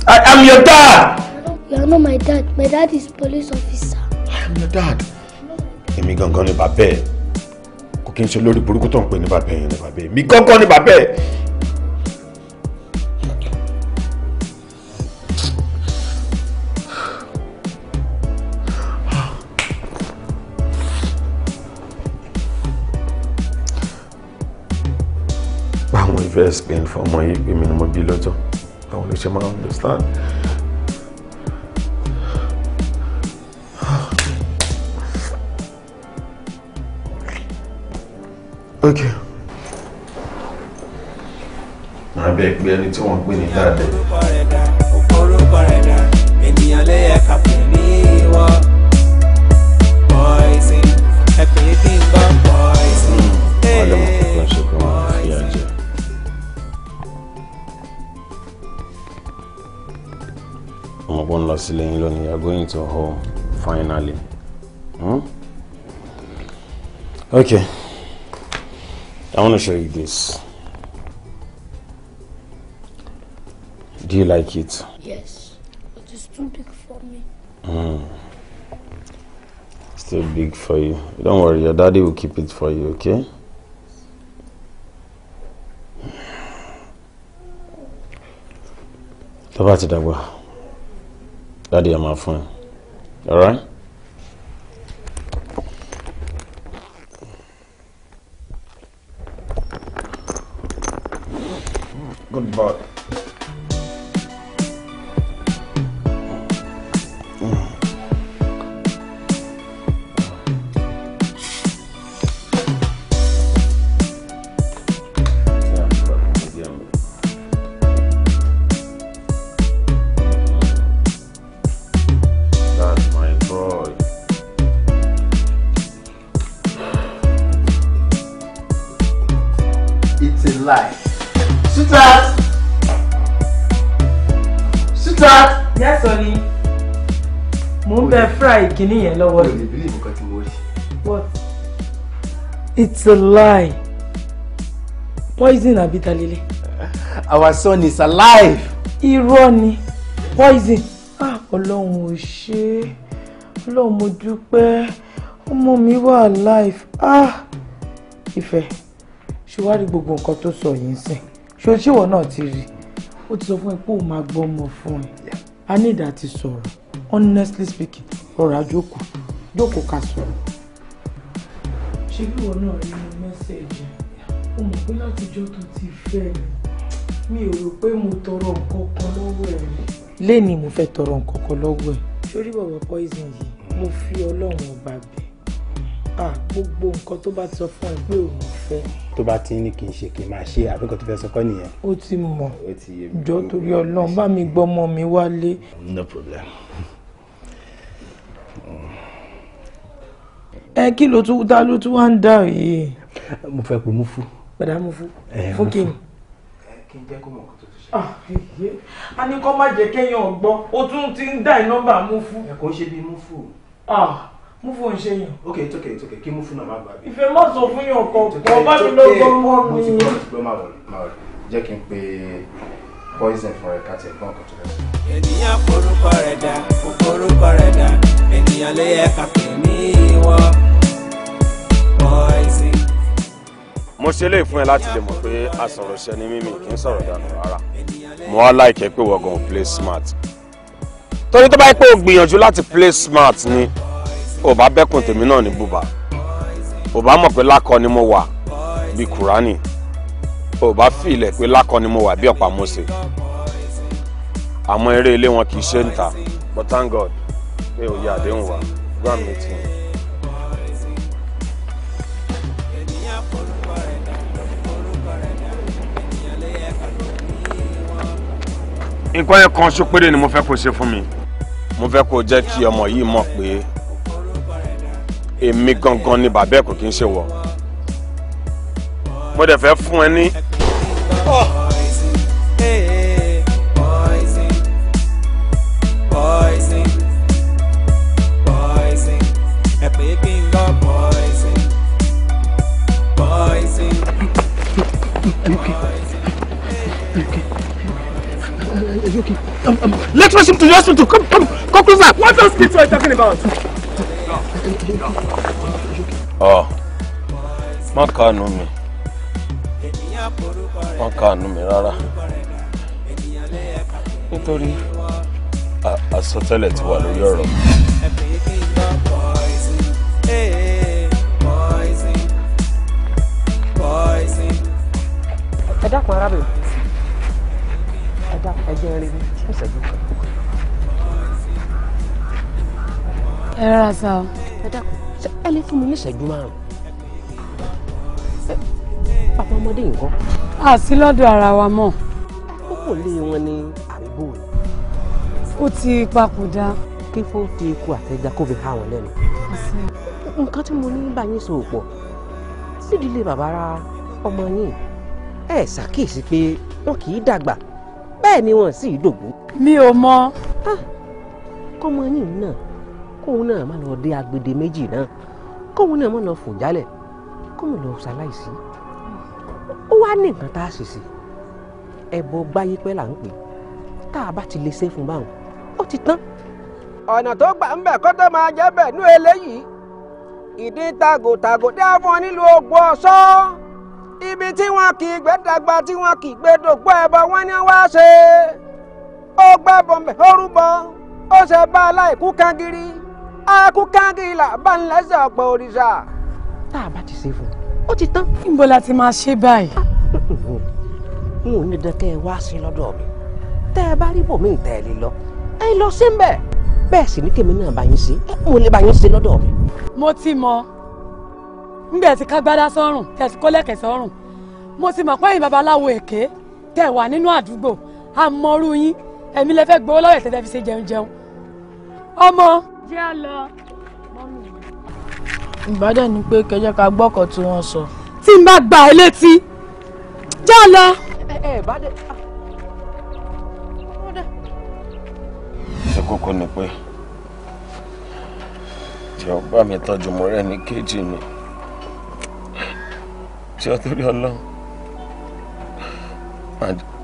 I am your dad! You are not my dad. My dad is police officer. I'm your dad. Èmi gangan ni bàbá ẹ̀. Kò kí n ṣe lórí burúkú tó ń pè ní bàbá ẹ̀yìn ni bàbá ẹ̀. Mi gangan ni bàbá ẹ̀. Báwo ni fẹ́ explain fún ọmọ yìí pé mi ni mo bí lọ́jọ́? Báwo ló ṣe máa understand? ok. màá bẹ pé ẹni tí wọ́n pè ní dáadé. orúkọ rẹ̀ dà ènìyàn lè yẹ ká pè ní ìwọ poison ẹ pè é kí n gbọ́ poison. ọlọ́mọ kan ṣe kí wọ́n fi àjẹ. ọmọ bọ́n lọ sílé yín lónìí you are going to home finally. Hmm? okay. I want to show you this. Do you like it? Yes. but it's too big for me. Mm. It's too big for you. Don't worry, your daddy will keep it for you, okay? Tó bá daddy I'm máa fún Alright. Goodbye. kinní yẹn lọ́wọ́ rẹ̀. mi ò tí mo rí. what it's a lie poison àbí talele. our son is alive. irọ́ ni poison ah ọlọ́run ò ṣe é ọlọ́run mo dúpẹ́ ọmọ mi wà alive ah ìfẹ́ ṣùwárí gbogbo nǹkan tó sọ yìí ń sìn ṣoṣíwọ̀ náà ti rí ó ti sọ fún ẹ pé ó máa gbọ́ ọmọ fún ẹ a ní ìdá ti sọ̀rọ̀ honestly speaking rọra jókòó jókòó ká sọ̀rọ̀. ṣé bí ìwọ náà rí mẹ́sẹ̀jì o mọ̀ pé látijọ́ tó ti fẹ́ mi mi ò rò pé mo tọrọ nǹkan kan lọ́wọ́ ẹ̀ rí. léèní mo fẹ́ tọrọ nǹkan kan lọ́wọ́ ẹ̀. sórí bàbá poison yìí mo fi ọlọ́run ọba bẹ̀ ah gbogbo nǹkan tó bá ti sọ fún ẹ pé òun fẹ́. tó bá ti ní kì í ṣe kì í máa ṣe àbí nǹkan tó fẹ́ sọ kọ́ nìyẹn. ó ti mọ̀ jọ torí ọlọ́run bá mi gbọ́ ọmọ mi wálé. no problem ẹ kí ló tún dá ló tún wá ń dà yìí. mo fẹ́ pé mo fún. padà mo fún fún kí ni. kí n jẹ́ kó mọ̀ kó tó ṣe. Ah, a ní kó má jẹ́ kéèyàn gbọ́ o tún ti ń dá nọ́mbà mo fún. ẹ kò ṣe bí mo fún o. mo fún ṣe yàn. ok it's okay okay kí mo fún náà má gbà bí. ìfẹ́ má sọ fún yàn kan kò bá mi lọ́gbọ́n mọ́ mi. mo ti gbọ́ máa wọlé máa wọlé jẹ́ kí n pe poison fún ẹ tẹ̀ gbọ́n kan tó fẹ́ ènìyàn forúkọ rẹ̀ dá forúkọ rẹ̀ dá ènìyàn ló yẹ ká pè ní ìwọ poison. mo ṣe lè fún ẹ láti lè mọ̀ pé asọ̀rọ̀ṣẹ́ ni mímì kì í sọ̀rọ̀ dànù rárá mo wá láìkẹ́ pé wọ́n play smart torí tó bá yẹ pé o gbìyànjú láti play smart ni ò bá bẹ́kùn tèmi náà ní bùbá ò bá mọ̀ pé lákọ ni mo wà bíi kùránì ò bá fi ilẹ̀ pé lákọ ni mo wà bíi ọ̀pá mọ́sẹ̀ àmọ́ eré ilé wọn kì í ṣe ń ta but thank God oh yeah, yá àdéhùn wa grand meeting. nǹkan yẹn kan ṣó péré ni mo fẹ́ kó ṣe fún mi mo fẹ́ kó jẹ́ kí ọmọ yìí mọ̀ pé èmi gangan ni bàbá ẹ̀ kò kí ń ṣe wọ̀ mo dẹ̀ fẹ́ fún ẹ ní. Oh. I'm okay? I'm okay? Are you okay? Um, um, let's rush him to the hospital. Come, come, come closer. What hospital are you talking about? Oh, má kàánú mi, má kàánú mi rárá, nítorí àsọtẹ́lẹ̀ ti wà lórí ọ̀rọ̀ mi. dákun arábìnrin ẹ dákun ẹ jẹ́ rere fún ìṣẹ́jú kan. ẹ rárá sá o. ẹ dákun ẹ lè fún mi ní ìṣẹ́jú márùn-ún. bàbá ọmọdé nǹkan. a sí lọ́dọ̀ ara wa mọ́. àkókò lé wọn ní àdúgbò rẹ̀. ó ti papòdà. kí fó fi ikú àtẹ̀já kó fi há wọn lẹ́nu. nǹkan tí mo ní bá yín sòpọ̀ nídìílé bàbá ra ọmọ yín ẹ ṣàkíyèsí pé wọn kì í dàgbà bẹ́ẹ̀ ni wọn sì í mi ò mọ. Ah, kọ́mọ yìí náà kóun náà má lọ dé agbede méjì náà kóun náà má lọ fò jálẹ̀ kóun lọ ṣaláìsí ó wá ní nǹkan tá a sì sí ẹbọ gbáyé pẹ́ là ń pè tá a bá ti lè ṣe fún báwọn ó ti tán. ọ̀nà tó gbà ń bẹ̀ kó tó máa jẹ́ bẹ̀ nú eléyìí ìdí tagòtagò dé fún nílùú ogun ọ̀ṣọ́ ibi tí wọn kì í gbé dàgbà tí wọn kì í gbé dògbò ẹbọ wọn ni wọn ṣe ó gbẹbọ mẹ ó ó ṣe bá aláìkú kangiri akú kangiri là bá ń lẹsẹ ọ̀pọ̀ òrìṣà tá a bá ti ṣe fún un ó ti tán. níbo la ti máa ṣe báyìí. n ò ní dákẹ́ wá sí lọ́dọ̀ mi tẹ́ ẹ bá rí bòmíì tẹ́ ẹ lè lọ ẹ lọ sí ń bẹ̀ bẹ́ẹ̀ sì ni kèmí náà bá yín ṣe mo lè bá yín ṣe lọ́dọ̀ mi. mo ti mọ ńgbẹ̀ tí kágbádá sọ́rùn tẹ̀ tí kọ́lẹ̀kẹ̀ sọ́rùn mo sì mọ̀ pẹ́yìn babaláwo èké tẹ̀ wà nínú àdúgbò àmọ́rú yín ẹ̀mí lẹ fẹ́ gbowó lọ́wọ́ ẹ̀sẹ̀ tẹ́ fi ṣe jẹun jẹun ọmọ. jẹ́ à lọ. ìbádẹ́ ni pé kẹjẹ́ ká gbọ́kọ̀ tí wọ́n sọ. tí n bá gba ẹ létí jẹ́ à lọ. ẹ ẹ ìbádẹ́. ṣe ah. kókó ni pé tí ọba mi tọ́jú mọ́rẹ́ ní kejì ni jọ torí Ọlọ́run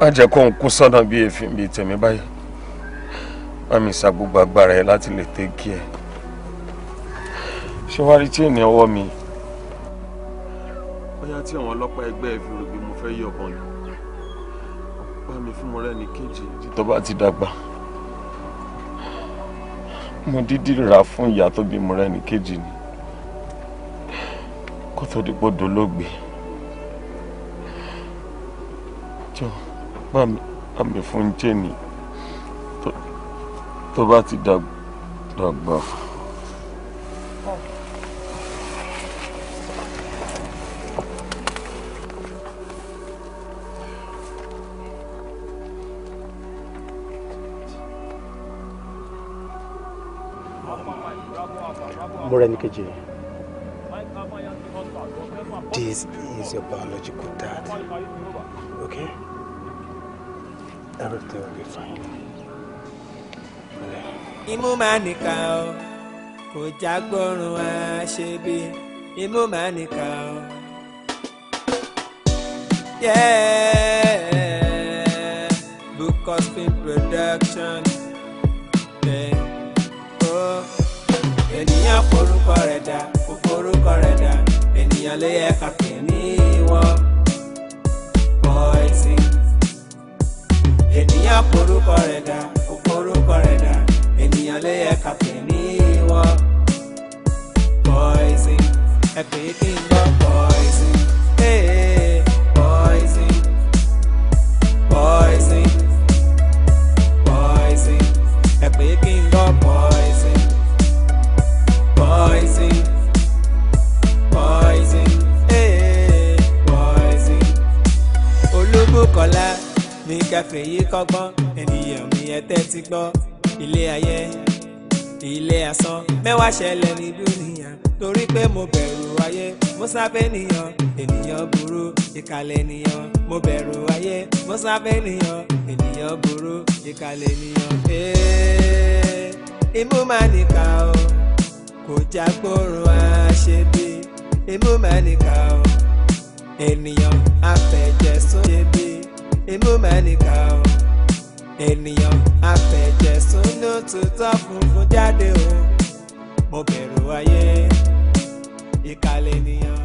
má jẹ́ kóun kú sọ́nà bíi èéfín bíi tèmi báyìí má mi sa gbogbo agbára ẹ láti lè tẹ́kí ẹ ṣé wàá rí tí ènìyàn wọ́ mi. bóyá tí àwọn ọlọ́pàá ẹgbẹ́ ẹ fi mo fẹ́ yí ọ̀bọ̀n lò bá mi fún mọ́rẹ́ ní kejì tó bá ti dàgbà mo dídí rà fún ìyá tó bí mọ́rẹ́ ní kejì ni kó tó dípò dolóògbé. jọ bá mi fún jẹ́ni tó bá ti dàgbà. Morenikeji, this is your biological dad, okay? everything will be fine. imú máa nìka ọ kò já gbọ́rùn wá ṣe bí imú máa nìka Yeah, Lucas Production. Oh. ènìyàn forúkọ rẹ̀ dá kò forúkọ rẹ̀ dá ènìyàn ló yẹ kàkẹ́ ní ìwọ. ènìyàn korúkọ rẹ̀ dà kò korúkọ rẹ̀ dà ènìyàn lè yẹ kàpè ní ìwọ. Poison ẹ pè kí n gbọ́ poison. Poison poison poison ẹ pè é kí n gbọ́ poison. Poison poison poison olúbùkọ́lá ní káfẹ́ yìí kọ́gbọ́n ènìyàn mi ẹ tẹ́tí gbọ́ ilé ayé ilé asán mẹ́wàá ṣẹlẹ̀ ní dúnìyàn torí pé mo bẹ̀rù ayé mo sáfẹ́ nìyàn ènìyàn burú ìkàlẹ̀ nìyàn mo bẹ̀rù ayé mo sáfẹ́ nìyàn ènìyàn burú ìkàlẹ̀ nìyàn. imú máa nìka o kò já gbóòórùn àṣebí imú máa nìka o ènìyàn afẹ̀jẹ̀sùn ṣebí imú mẹ́nìkà o ènìyàn afẹ̀jẹ̀sùnú tuntun funfun jáde o mo bẹ̀rù ayé ìkàlẹ̀ ènìyàn.